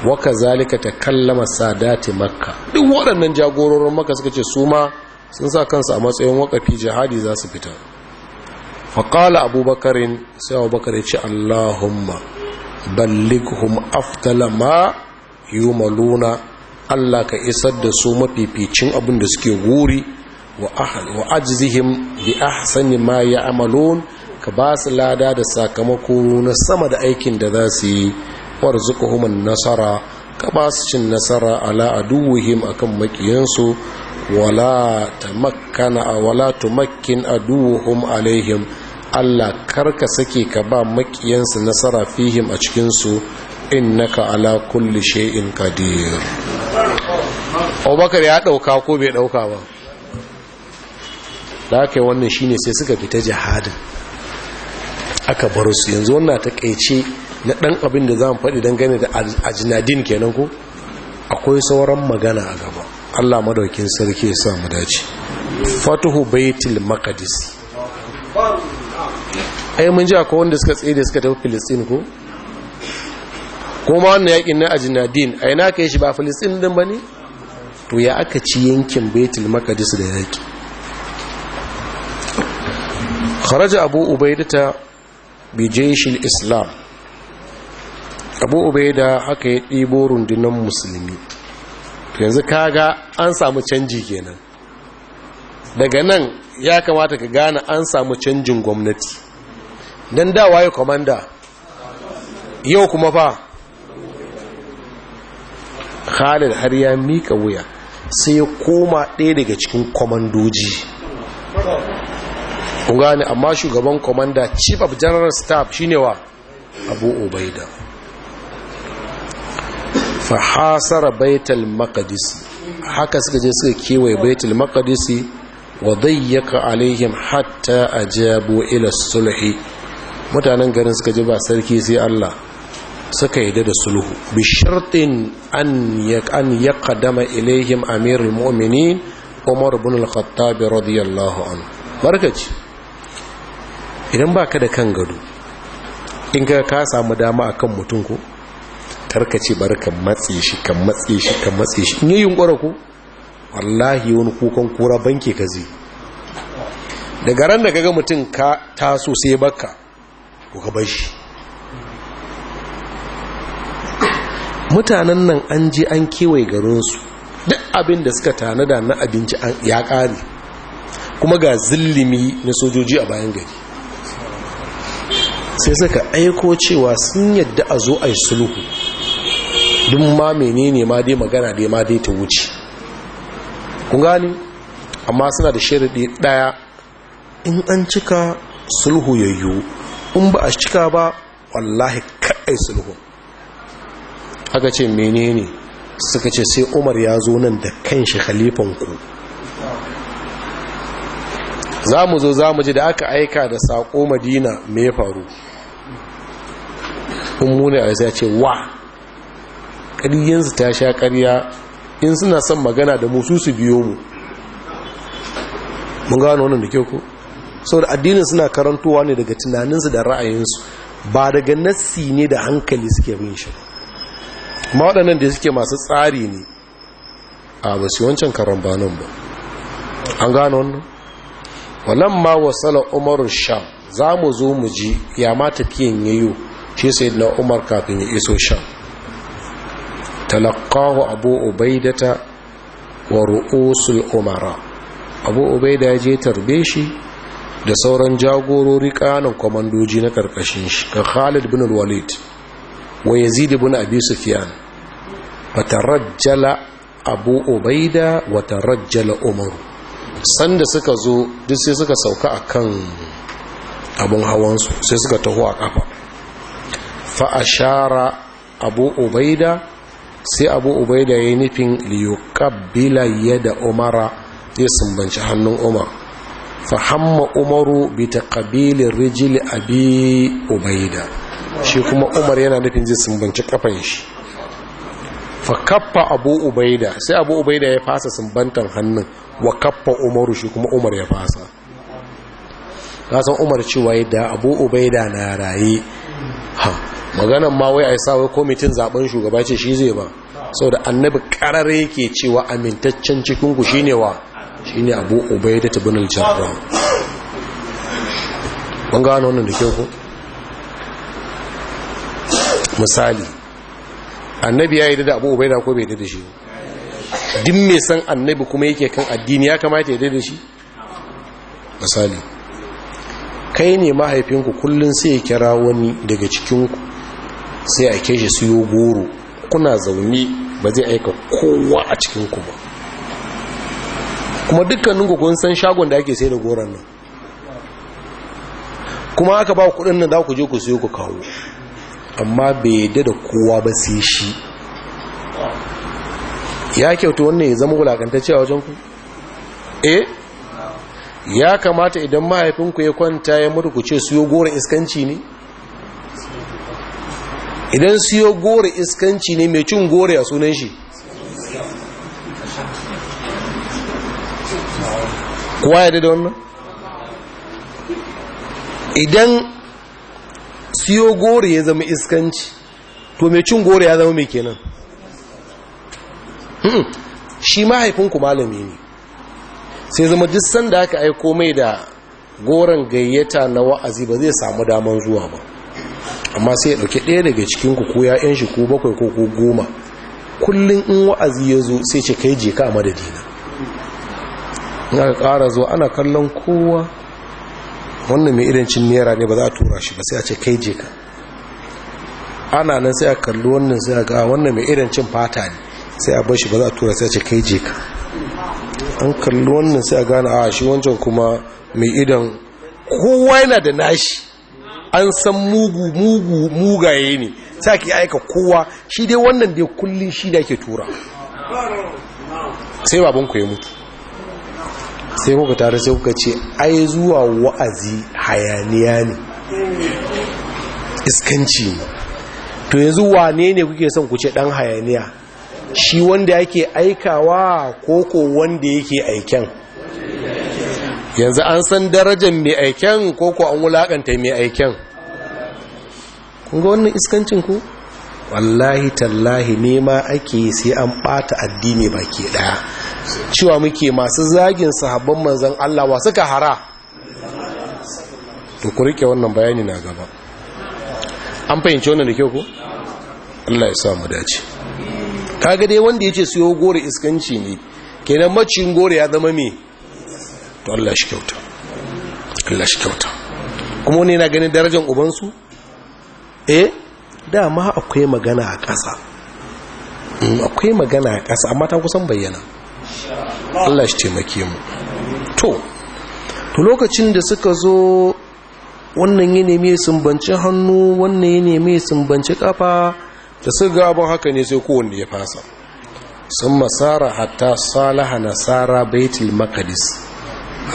Speaker 1: waka ta kallama sadati makka duk waɗannan jagororin makka suka ce su sun sa kansu a matsayin wakafi jihadi za su fita faƙala abubakarin sai abubakar ya ce allahumma ballighum aftala ma yumaluna Allah ka isar da su mafificin abin da suke guri wa ajzihim bi ahsani ma ya'malun ka ba su lada da sakamako na sama da aikin da za su yi an nasara ka ba su cin nasara ala aduwwihim akan makiyansu wala tamakkana wala tumakkin aduwwuhum alaihim Allah karka sake ka ba makiyansu nasara fihim a cikinsu innaka ala kulli shay'in qadir Abubakar ya dauka ko bai dauka ba da haka wannan shine sai suka fita jihadin aka bar su yanzu wannan kaice na dan abin da zamu faɗi dangane da ajnadin kenan ko akwai sauran magana a gaba Allah madaukin sarki ya sa mu dace fatuhu baitul maqdis ai mun ji akwai wanda suka tsaye da suka tafi filistin ko kuma wannan yakin na ajinadin a yana ka yi shi ba filistin din ba ne to ya aka ci yankin betul makadis da yaki kharaja abu ubaidata bi jeshil islam abu ubaida haka ya ɗibo rundunar musulmi yanzu kaga an samu canji kenan daga nan ya kamata ka gane an samu canjin gwamnati don dawa ya komanda yau kuma fa khalid har ya mika wuya sai ya koma ɗaya daga cikin komandoji kun gane amma shugaban komanda chief of general staff shine wa abu obaida fahasara baital makadisi haka suka je suka kewaye baital makadisi wa zai yaka alaihim hatta a jabo ila sulhi mutanen garin suka ji ba sarki sai Allah suka yadda da sulhu bi shartin an ya ya kadama ilaihim amirul mu'minin Umar ibn al-Khattab radiyallahu anhu barkaci idan baka da kan gado in ka ka samu dama akan mutum ko tarkace barkan matsi shi kan matsi shi kan matsi shi in yi yunkura ko wallahi wani kukan kura banke kazi daga ran da kaga mutum ka taso sai baka ga bar shi mutanen nan an je an kewaye garinsu duk abin da suka tanada na abinci ya kare. kuma ga zillimi na sojoji a bayan gari sai suka aiko cewa sun yadda a zo a yi sulhu dun ma menene ma dai magana dai ma dai ta wuce kun gani amma suna da shirin ɗaya in an cika sulhu yayyu in ba a cika ba wallahi kaɗai sulhu haka ce menene suka ce sai umar ya zo nan da kanshi khalifanku za mu zo za mu ji da aka aika da saƙo madina mai faru in muni a ce wa ƙaryensu ta sha ƙarya in suna son magana da musu su biyo mu mun gano wannan da kyau ko saboda addinin suna karantowa ne daga tunaninsu da ra'ayinsu ba daga nassi ne da hankali suke bin shi ma waɗannan da suke masu tsari ne a ba su wancan karambanin ba an gano wannan wannan ma wasala Umar sham za mu zo mu ji ya ma tafiyan yayo shi sai na umar kafin ya iso sham talakawa abu ubaidata wa ru'usul umara abu ubaida ya je tarbe shi da sauran jagorori ƙananan kwamandoji na ƙarƙashin shi ga khalid bin walid wa yazid bin abi sufyan tarajjala abu ubaida wa tarajjala umar sanda suka zo duk sai suka sauka akan abun su sai suka taho a kafa fa ashara abu ubaida sai abu ubaida ya yi nufin liyukabbila da umara ya sumbanci hannun umar fahamma umaru بتقبيل الرجل ابي عبيده ubaida shi kuma umar yana nufin zai sumbanci kafan shi fa kaffa abu ubaida sai abu ubaida ya fasa sumbantan hannun wa kaffa umaru shi kuma umar ya fasa san umar cewa da abu ubaida na raye ha maganan ma wai a sa wai komitin zaben shugaba ce shi zai ba sau annabi karare yake cewa amintaccen cikin ku shine wa Shi ne abu obai da tabbinin jarrah Ban gano wannan da kyau ku? misali annabi ya yi da abu da ko bai da shi din mai san annabi kuma yake kan addini ya kamata ya da shi misali kai ne mahaifinku kullum sai ya kira wani daga cikinku sai a kai shi siyo goro kuna zaune ba zai aika kowa a cikinku ba kuma dukkanin ku kun san shagon da ake sai da goron nan kuma aka ba kudin nan za ku je ku siyo ku kawo amma bai yadda da kowa ba sai shi ya kyauta wannan ya zama wulakantacce a wajen ku eh ya kamata idan mahaifinku ya kwanta ya mutu ku ce siyo gora iskanci ne idan siyo goro iskanci ne mai cin goro a sunan shi kuwa ya da wannan idan siyo goro ya zama iskanci to mai cin gori ya zama mai kenan hmm. shi mahaifinku malami ne sai zama duk sanda aka aiko mai da goron gayyata na wa'azi ba zai samu daman zuwa ba amma sai ya dauke daya daga cikinku ko ya yan shi ko bakwai ko goma kullum in wa'azi ya zo sai ce kai je ka a madadina ya ƙara zuwa ana kallon kowa wannan mai idancin nera ne ba za a tura shi ba sai a ce kai je ka ana nan sai a kalli wannan sai a ga wannan mai idancin fata ne sai a bar shi ba za a tura sai a ce kai je ka an kalli wannan sai a gane a ah, shi wancan kuma mai idan kowa yana da nashi an san mugu mugu mugaye ne sai ake aika kowa shi dai wannan dai kullum shi da ke tura sai babanku ya mutu sai kuka tare sai kuka ce ai zuwa wa'azi hayaniya ne iskanci ne to yanzu wane ne kuke son ku ce dan hayaniya shi wanda yake aikawa ko wanda yake aiken yanzu an san darajar mai aiken ko an wulakanta mai aiken kun ga wannan iskancin ku wallahi tallahi nema ake sai an ɓata addini baki ɗaya. cewa muke masu zagin sahabban manzan Allah wa suka hara to ku rike wannan bayani na gaba an fahimci wannan da kyau ku Allah ya samu dace kaga dai wanda yace siyo gore iskanci ne kenan macin gore ya zama me to Allah shi kyauta Allah shi kyauta kuma ne na ganin darajar ubansu eh dama akwai magana a ƙasa mm, akwai magana a ƙasa amma ta kusan bayyana Allah shi taimake mu to to lokacin da suka zo wannan ya neme sumbanci hannu wannan ya neme sumbanci kafa da suka ga abin haka ne sai kowanne ya fasa sun masara hatta salaha nasara baitul maqdis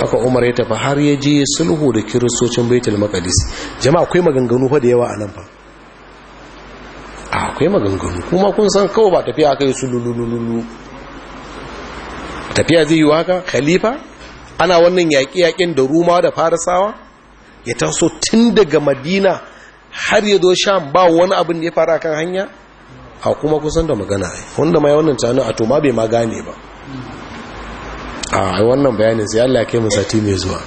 Speaker 1: haka umar ya tafi har ya je sulhu da kiristocin baitul maqdis jama'a akwai maganganu fa da yawa a nan fa akwai maganganu kuma kun san kawai ba tafiya kai su lulululu tafiya zai yi haka khalifa ana wannan yaƙi-yaƙin da ruma da farisawa ya taso tun daga madina har ya zo sham ba wani abin da ya fara kan hanya a kuma kusan da magana wanda mai wannan tsanin a toma bai ma gane ba a wannan bayanin sai Allah kai musati mai zuwa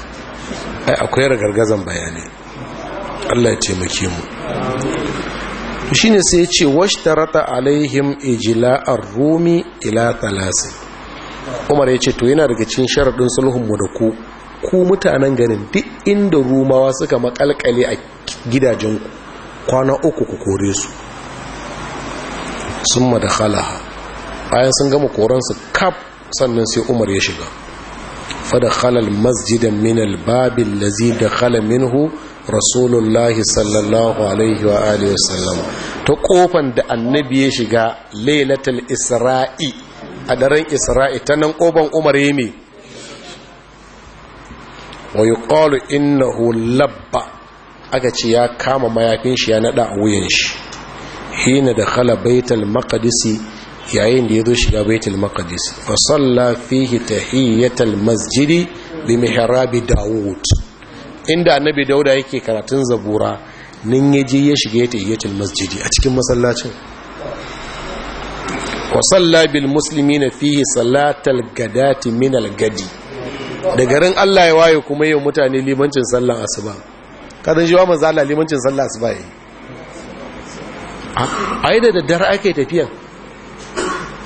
Speaker 1: ai akwai ragargazan bayani Allah ya taimake mu shine sai ya ce washtarata alaihim ijla'ar rumi ila talasin umar ya ce to yana daga cikin sharaɗin sulhunmu da ku ku mutanen ganin duk inda rumawa suka makalkale a gidajenku kwana uku ku kore su sun madakhala bayan sun gama koransu kaf sannan sai umar ya shiga fadakhala masjidan min Babin, allazi dakhala minhu rasulullahi sallallahu alaihi wa alihi wasallam ta kofan da annabi ya shiga lailatul isra'i a daren isra'i ta nan ƙoban umar yi ne wa yi ƙolu innahu hulabba aka ce ya kama mayafin shi ya naɗa a wuyan shi hina da khala baitul maqdisi yayin da ya zo shiga baitul maqdis fa salla fihi tahiyatul masjidi bi mihrabi daud inda annabi dauda yake karatun zabura nin yaje ya shiga tahiyatul masjidi a cikin masallacin wa salla musulmi na fihi salatal gadati min al gadi da garin Allah ya waye kuma yau mutane limancin sallan asuba kadan jiwa manzo Allah limancin sallan asuba yi ai da daddare ake tafiyan?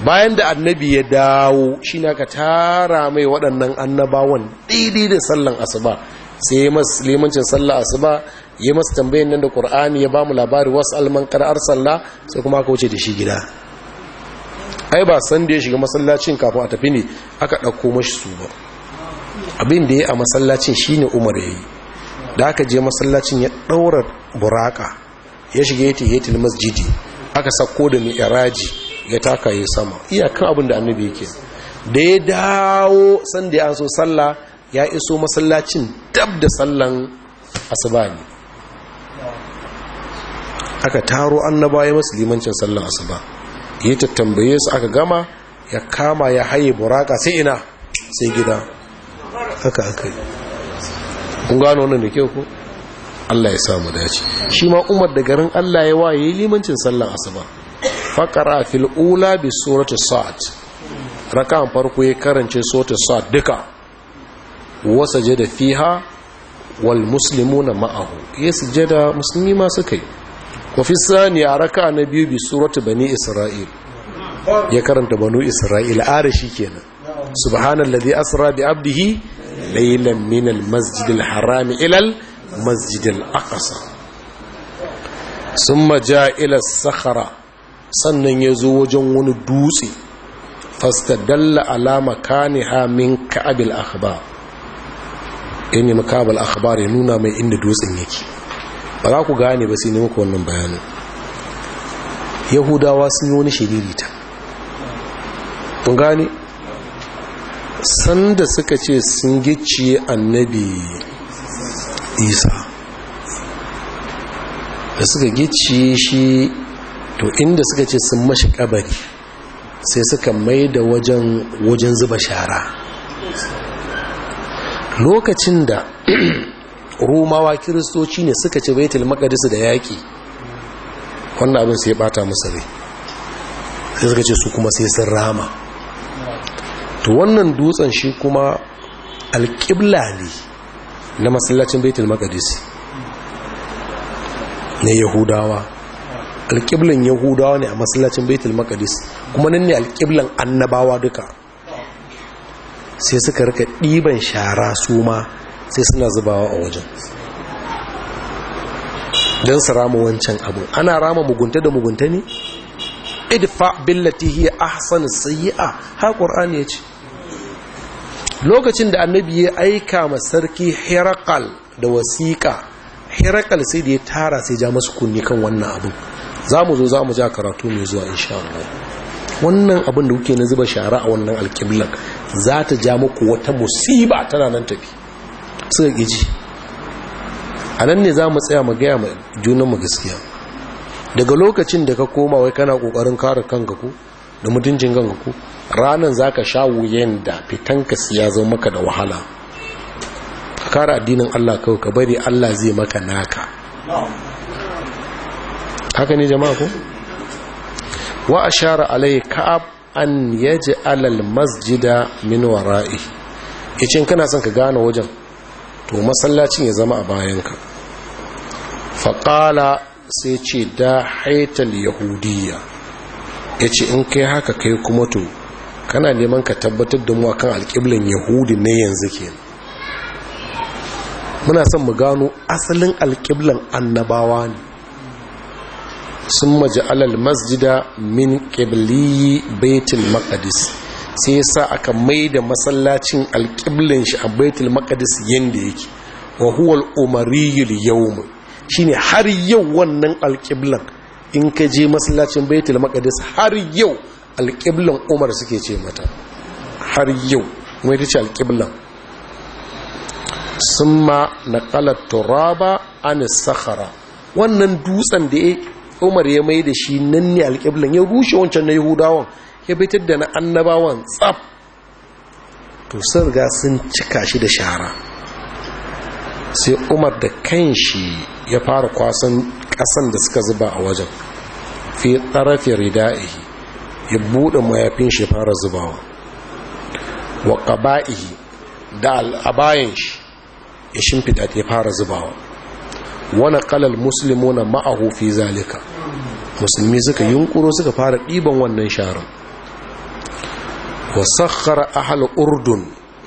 Speaker 1: bayan da annabi ya dawo shi na ka tara mai waɗannan annabawan daidai da sallan asuba sai ya masu limancin sallan asuba ya masu tambayin nan da ƙur'ani ya ba mu labari wasu alman ƙar'ar sallah sai kuma aka wuce da shi gida ai ba san da ya shiga masallacin kafin a tafi ne aka ɗauko mashi su ba abin da ya a masallacin ne umar ya yi da aka je masallacin ya ɗaura buraka ya shiga yeti-yeti na masjidi aka sako da mi'raji ya taka ya sama iyakan abin da annabi yake da ya dawo san da ya so sallah ya iso masallacin dab da sallan asuba ne aka taro annaba ya masu limancin sallan asuba ya tambaye su aka gama ya kama ya haye buraka sai ina sai gida haka aka yi kun gano wannan da kyau ko Allah ya samu dace shi ma Umar da garin Allah ya waye limancin sallan asuba faqara fil ula bi surati sa'd rakan farko ya karance surati sa'd duka wasajada fiha wal muslimuna ma'ahu ya sujada musulmi ma suka yi wafi a raka na biyu bi suratu bani isra'il ya karanta banu isra'il arashi kenan subhanallazi asra bi abdihi laylan min almasjid alharam ila almasjid alaqsa summa jaa ila sakhara sannan yazo wajen wani dutse fastadalla ala makaniha min ka'abil akhbar yani makabal akhbar ya nuna mai inda dutsen yake ba za ku gane ba sai ne muku wannan bayanin yahudawa sun yi wani ta. kun gane sanda suka ce sun gicciye annabi isa da suka gicciye shi to inda suka ce sun mashi kabari sai suka mai da wajen wajen zuba shara lokacin da rumawa kiristoci ne suka ci baitul maqdis da yaki wannan abin sai ya bata musu rai sai suka ce su kuma sai sun rama to wannan dutsen shi kuma alƙibla ne na masallacin baitul maqdis ne yahudawa alƙiblan yahudawa ne a masallacin baitul maqdis kuma nan ne alƙiblan annabawa duka sai suka rika ɗiban shara su ma sai suna zubawa a wajen don su rama wancan abu ana rama mugunta da mugunta ne idfa billati hiya ahsan sayyi'a ha ya yace lokacin da annabi ya aika ma sarki hirakal da wasiƙa hirakal sai da ya tara sai ja masu kunni kan wannan abun. za mu zo za mu ja karatu mai zuwa insha Allah wannan abin da kuke na zuba shara a wannan alƙiblar za ta ja muku wata musiba tana nan tafi suka giji a nan ne za mu tsaya mu gaya ma junanmu gaskiya daga lokacin da ka koma wai kana kokarin kare kanka ku da mutuncin kanka ku ranan ka sha wuyen da fitanka siya zo maka da wahala ka kare addinin Allah kawai ka bari Allah zai maka naka haka ne jama'a ko wa ashara alai ka'ab an yaji alal masjida min wara'i kana son ka gane wajen to masallacin ya zama a bayanka faƙala sai ce da haital yahudiya ya ce in kai haka kai kuma to kana neman ka tabbatar da mu kan alƙiblin yahudi na yanzu ke? muna son mu gano asalin alƙiblin annabawa ne sun maji alal masjida min ƙibliyi baitul maqdis sai sa aka mai da masallacin alƙiblin shi a baitul maqdis yanda yake wa huwal umariyul yawm shine har yau wannan alƙiblan in ka je masallacin baitul maqdis har yau alƙiblan umar suke ce mata har yau mai ita ce alƙiblan summa naqala turaba an sakhara wannan dutsen da umar ya mai da shi nan ne alƙiblan ya rushe wancan na yahudawan ya fitar da na annabawan tsab to sun ga sun cika shi da shara sai umar da kanshi ya fara kwasan kasan da suka zuba a wajen fi tsarafi rida'ihi ya buɗe mayafin shi fara zubawa wa ƙaba'ihi da al'abayan shi ya shimfiɗa ta ya fara zubawa wani kalal musulmi na ma'ahu fi zalika musulmi suka yunkuro suka fara ɗiban wannan sharon wa sakhara ahal urdun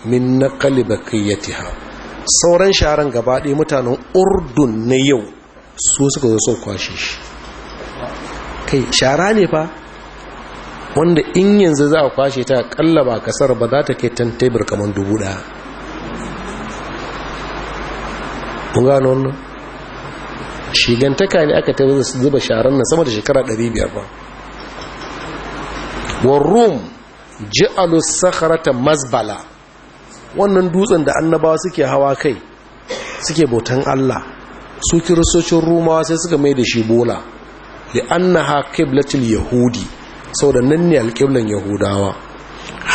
Speaker 1: min naqli bakiyatiha sauran sharan gaba ɗaya mutanen urdun na yau su suka zo sau kwashe shi kai shara ne fa wanda in yanzu za a kwashe ta kalla ba kasar ba za ta kai tebur kamar dubu ɗaya mun gano wannan shigantaka ne aka tabbata zuba sharan nan sama da shekara 500 ba war ji'alu sakharata mazbala wannan dutsen da annabawa suke hawa kai suke bautan Allah su kiristocin rumawa sai suka mai da shi bola li annaha qiblatul yahudi saboda nan ne alqiblan yahudawa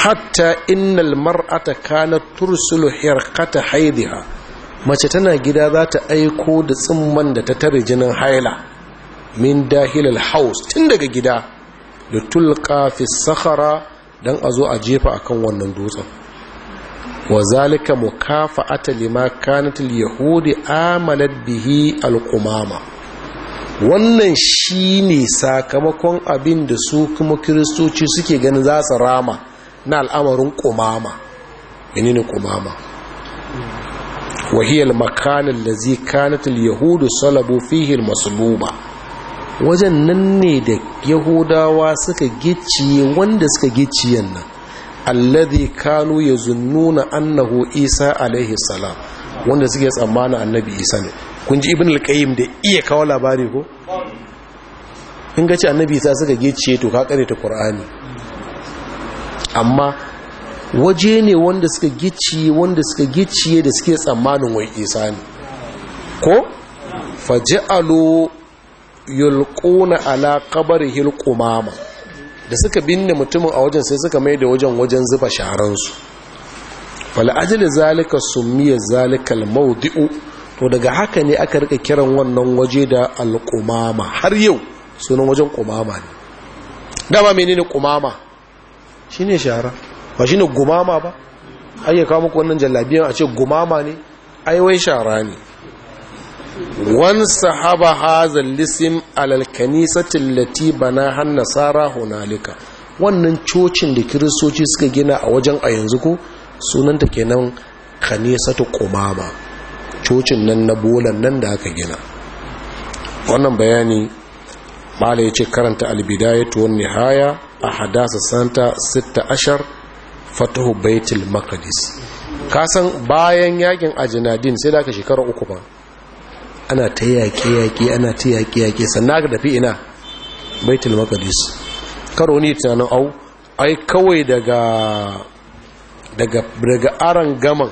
Speaker 1: hatta innal mar'ata kanat tursilu hirqata haidiha mace tana gida za ta aiko da tsimman da ta tare jinin haila min dahilal Haus tun daga gida da tulka fi sakhara don a zo a jefa akan wannan dutsen wa zalika mukafa'ata lima kanat yahudi amalat bihi al Wannan wannan shine sakamakon abin da su kuma kiristoci suke ganin za su rama na al'amarin kumama. menene kumama wa hiya al allazi kanat yahudu salabu fihi wajen nan ne da yahudawa suka gicciye wanda suka gicciyen nan alladhi kanu yazunnuna annahu isa alaihi salam wanda suke tsammanin annabi isa ne kun ji ibn al-qayyim da iya kawo labari ko in ga ce annabi isa suka gicciye to ka kare ta qur'ani amma waje ne wanda suka gicciye wanda suka gicciye da suke tsammanin wai isa ne ko faj'alu yulkuna ala qabrihil qumama da suka binne mutumin a wajen sai suka mai da wajen wajen zuba sharansu fala ajli zalika summiya zalikal mawdi'u to daga haka ne aka rika kiran wannan waje da alkumama har yau sunan wajen qumama ne dama menene qumama shine shara ba shine gumama ba ai ya kawo muku wannan jallabiyan a ce gumama ne ai wai shara ne wan sahaba hazal lisim alal kanisatin lati bana han wannan cocin da kiristoci suka gina a wajen a yanzu ko sunanta kenan kanisatu kumama cocin nan na bolan nan da aka gina wannan bayani mala ce karanta ta wani haya a hadasa santa 16 fatahu baitul makadis kasan bayan yakin ajinadin sai da aka shekara uku ba ana ta yaƙe yaƙe ana ta yaƙe yaƙe sannan aka tafi ina baitul maqdis karo ne tunanin au ai kawai daga daga daga aran gaman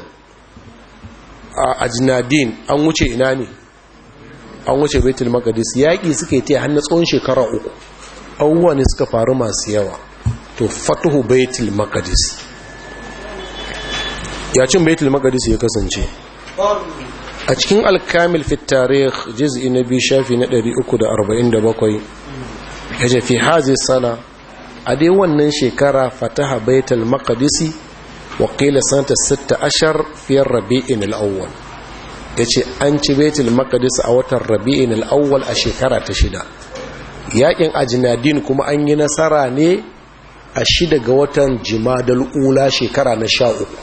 Speaker 1: a ajnadin an wuce ina ne an wuce baitul maqdis yaƙi suke ta hannu tsawon shekara uku abubuwa ne suka faru masu yawa to fatuhu baitul maqdis ya cin baitul maqdis ya kasance a cikin alkamil fit tarih juz'i na biyu shafi na 347 yace fi hazi sana a dai wannan shekara fataha baitul makadisi wa sanatar sanata 16 fi rabi'in al-awwal yace an ci baitul makadisi a watan rabi'in al a shekara ta shida yakin ajinadin kuma an yi nasara ne a shida ga watan jimadal ula shekara na sha uku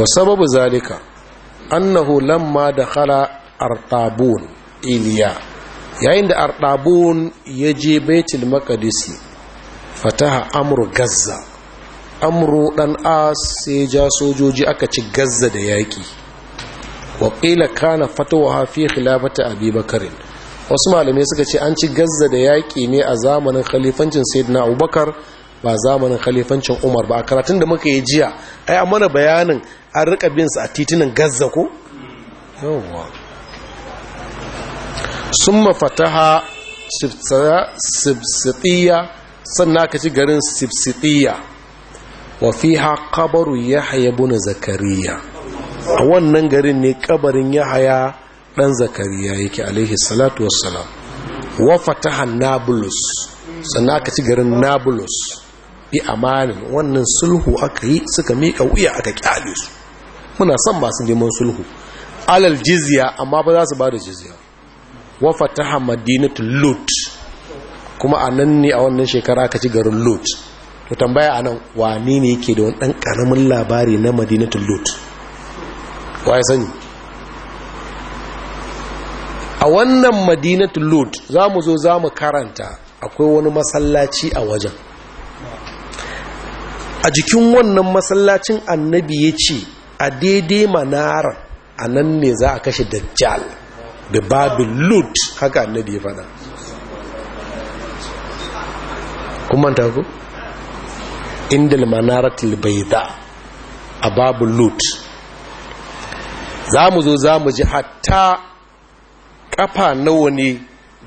Speaker 1: wa sababu zalika annahu lamma da khala artabun iliya yayin da artabun ya je baitul maqdisi fataha amru gazza amru dan as sai ja sojoji aka ci gazza da yaki wa qila kana fatawa fi khilafati abi wasu malamai suka ce an ci gazza da yaki ne a zamanin khalifancin sayyidina abubakar ba zamanin khalifancin umar ba a karatun da muka yi jiya ai a mana bayanin an rika bin su a titunan Gaza ko yawwa summa fataha sifsitiya sannan ka ci garin sibsitiya Wafiha kabaru ya haya buna zakariya a wannan garin ne kabarin haya dan zakariya yake alaihi salatu wassalam wa fataha nablus sannan ka ci garin nablus bi amanin wannan sulhu aka yi suka miƙa wuya aka kyale su muna son masu neman sulhu alal jizya amma ba za su ba da jizya wa fataha madinatu lut kuma a nan ne a wannan shekara ka ci garin lut to tambaya a nan wane ne yake da wani ɗan labari na madinatu lut wa ya sani a wannan madinatu lut za mu zo za mu karanta akwai wani masallaci a wajen a jikin wannan masallacin annabi ya ce a daidai manara a nan ne za a kashe dajjal da babin lut haka annabi ya fada kuma ta ku inda manaratul da a babin lut za mu zo za mu ji hatta kafa nawa ne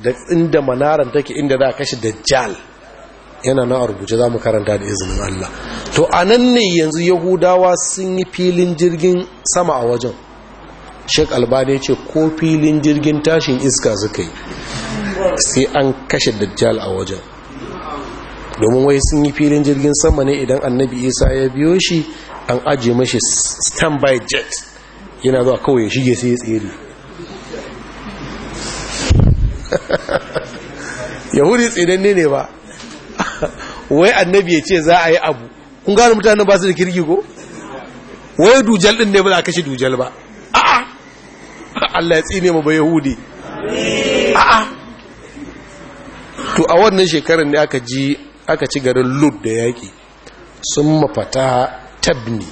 Speaker 1: da inda manaran take inda za a kashe dajjal yana na rubuce za mu karanta da izinin Allah to a nan ne yanzu yahudawa sun yi filin jirgin sama a wajen shek albani ce ko filin jirgin tashin iska suka yi sai an kashe dajjal a wajen domin wai sun yi filin jirgin sama ne idan annabi isa ya biyo shi an ajiye mashi standby jet yana zuwa kawai ya shige sai ya tsere yahudi tsinan ne ne ba wai annabi ya ce za a yi abu kun gane mutanen ba su da kirki ko wai dujal din ne ba za a kashe dujal ba a'a Allah ya tsine mu ba yahudi a'a to a wannan shekarun ne aka ji aka ci garin lud da yaki sun mafata tabni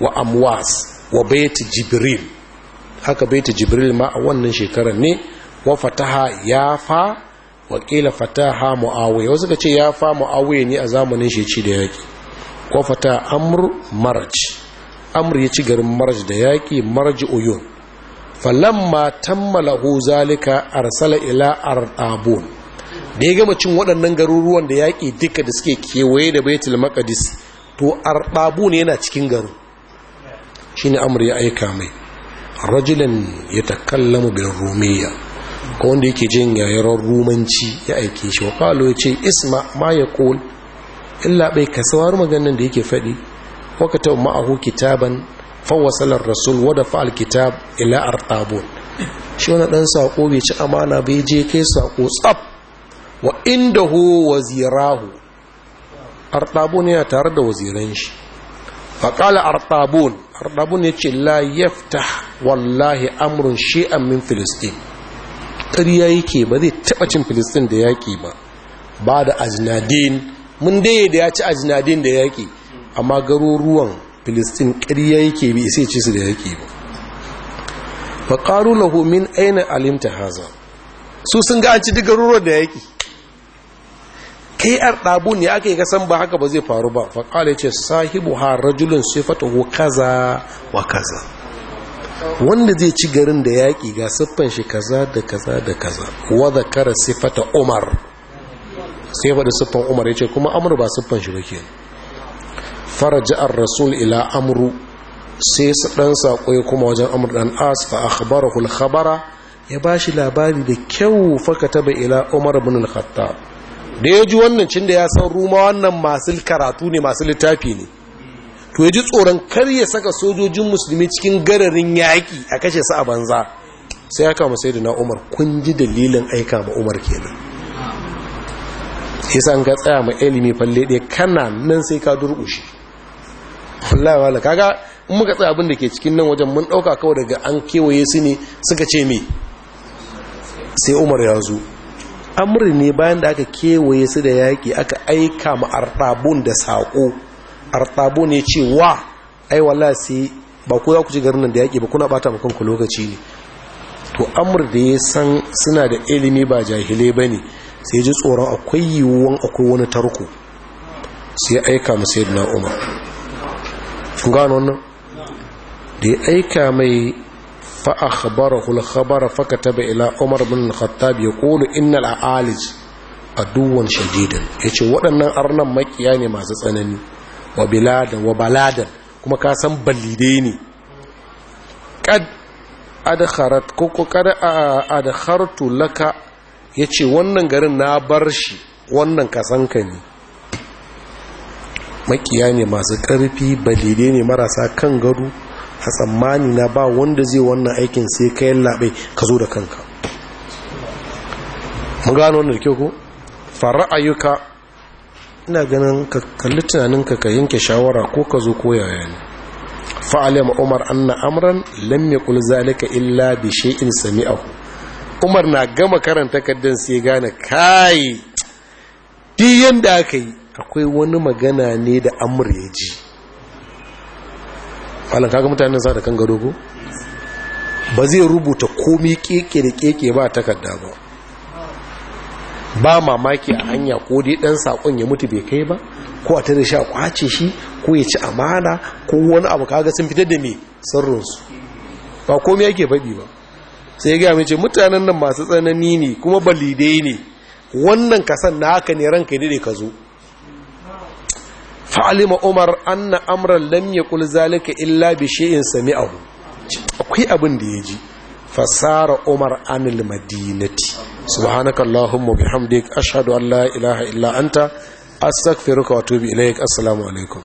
Speaker 1: wa amwas wa baita jibril haka baita jibril ma a wannan shekarar ne wa fataha fa? wakila fataha muawiya wasu ka ce ya fa muawiya ne a zamanin shi ci da yaki ko fata amr marj amr ya ci garin marj da yaki marj uyun falamma tammalahu zalika arsala ila artabun da ya gama cin waɗannan garuruwan da yaƙi duka da suke kewaye da baitul maqdis to artabun yana cikin garin shine amr ya aika mai rajulan yatakallamu bin rumiyya ko wanda yake jin yayarar rumanci ya aike shi waƙalo ya ce isma ma ya ƙol illa bai ka sawar maganin da yake faɗi wakata ma'ahu kitaban fawasalar rasul wada fa'al kitab ila artabun shi wani ɗan saƙo bai ci amana bai je kai saƙo tsaf wa inda hu wazirahu artabun ya tare da waziran shi faƙala artabun artabun ya ce la yafta wallahi amrun shi'an min filistin ƙarya yake ba zai taɓa cin filistin da yaƙi ba ba da azinadin mun daya da ya ci azinadin da yaƙi amma garuruwan filistin ƙarya yake bi sai ci su da yaƙi ba ba ƙaru na homin aina alimta haza su sun ga an ci duk garuruwan da yaƙi kai ar ɗabu ne aka yi kasan ba haka ba zai faru ba faƙala ce sahibu harajulun rajulun sifatuhu kaza wa kaza wanda zai ci garin da yaƙi ga siffan shi kaza da kaza da kaza wadda kara siffata umar sai faɗi siffan umar ya ce kuma amur ba siffan shi ba ke faraja'ar rasul ila amru sai su ɗan saƙo kuma wajen amur ɗan as fa akhbarahu khabara ya ba shi labari da kyau faka taba ila umar bin al-khattab da ya ji wannan cin da ya san ruma wannan masu karatu ne masu littafi ne to ya ji tsoron kar ya saka sojojin musulmi cikin gararin yaƙi a kashe su a banza sai ya kama sai na umar kun ji dalilin aika ma umar kenan yasa an ga tsaya ma ilimi falle ɗaya kana nan sai ka durƙushe wallahi wala kaga in muka tsaya abin da ke cikin nan wajen mun ɗauka kawai daga an kewaye su ne suka ce me sai umar ya zo amri ne bayan da aka kewaye su da yaƙi aka aika ma arabun da saƙo artabo ne ce wa ai wallahi sai ba ku za ku ci garin nan da yake ba kuna bata kanku lokaci ne to amr da ya san suna da ilimi ba jahilai bane ne sai ji tsoron akwai yiwuwan akwai wani tarko sai aika mu sayyidina umar kun gano wannan da ya aika mai fa ila umar bin إلى عمر بن الخطاب innal a'alij aduwan shadidan yace waɗannan arnan makiya ne masu tsanani. wa biladan wa baladan kuma ka san balide ne kad adkharat ko kad adkhartu laka yace wannan garin na bar shi wannan kasanka ne makiya ne masu karfi balide ne marasa kan gado a tsammani na ba wanda zai wannan aikin sai kayan labe ka zo da kanka mun gano wannan kyau ko fara'ayuka ina ganin ka kalli tunaninka ka yanke shawara ko ka zo ko yaya ne fa'alim umar anna amran lam yaqul zalika illa bi shay'in sami'ahu umar na gama karanta kaddan sai gane kai di yanda aka yi akwai wani magana ne da amr ya ji malan kaga mutanen sa da kan gado ko ba zai rubuta komai keke da keke ba takarda ba ba mamaki a hanya ko dai dan sakon ya mutu bai kai ba ko a tare shi a kwace shi ko ya ci amana ko wani abu kaga sun fitar da me sirrin su ba komai yake faɗi ba sai ya ga mu ce mutanen nan masu tsanani ne kuma balidai ne wannan kasan na haka ne ranka ne ka zo alima umar anna amran lam yaqul zalika illa bi shay'in sami'ahu akwai abin da ya ji fasara umar anil madinati subhanaka allahumma bihamdik ashhadu an la ilaha illa anta astaghfiruka wa atubu ilaik assalamu alaikum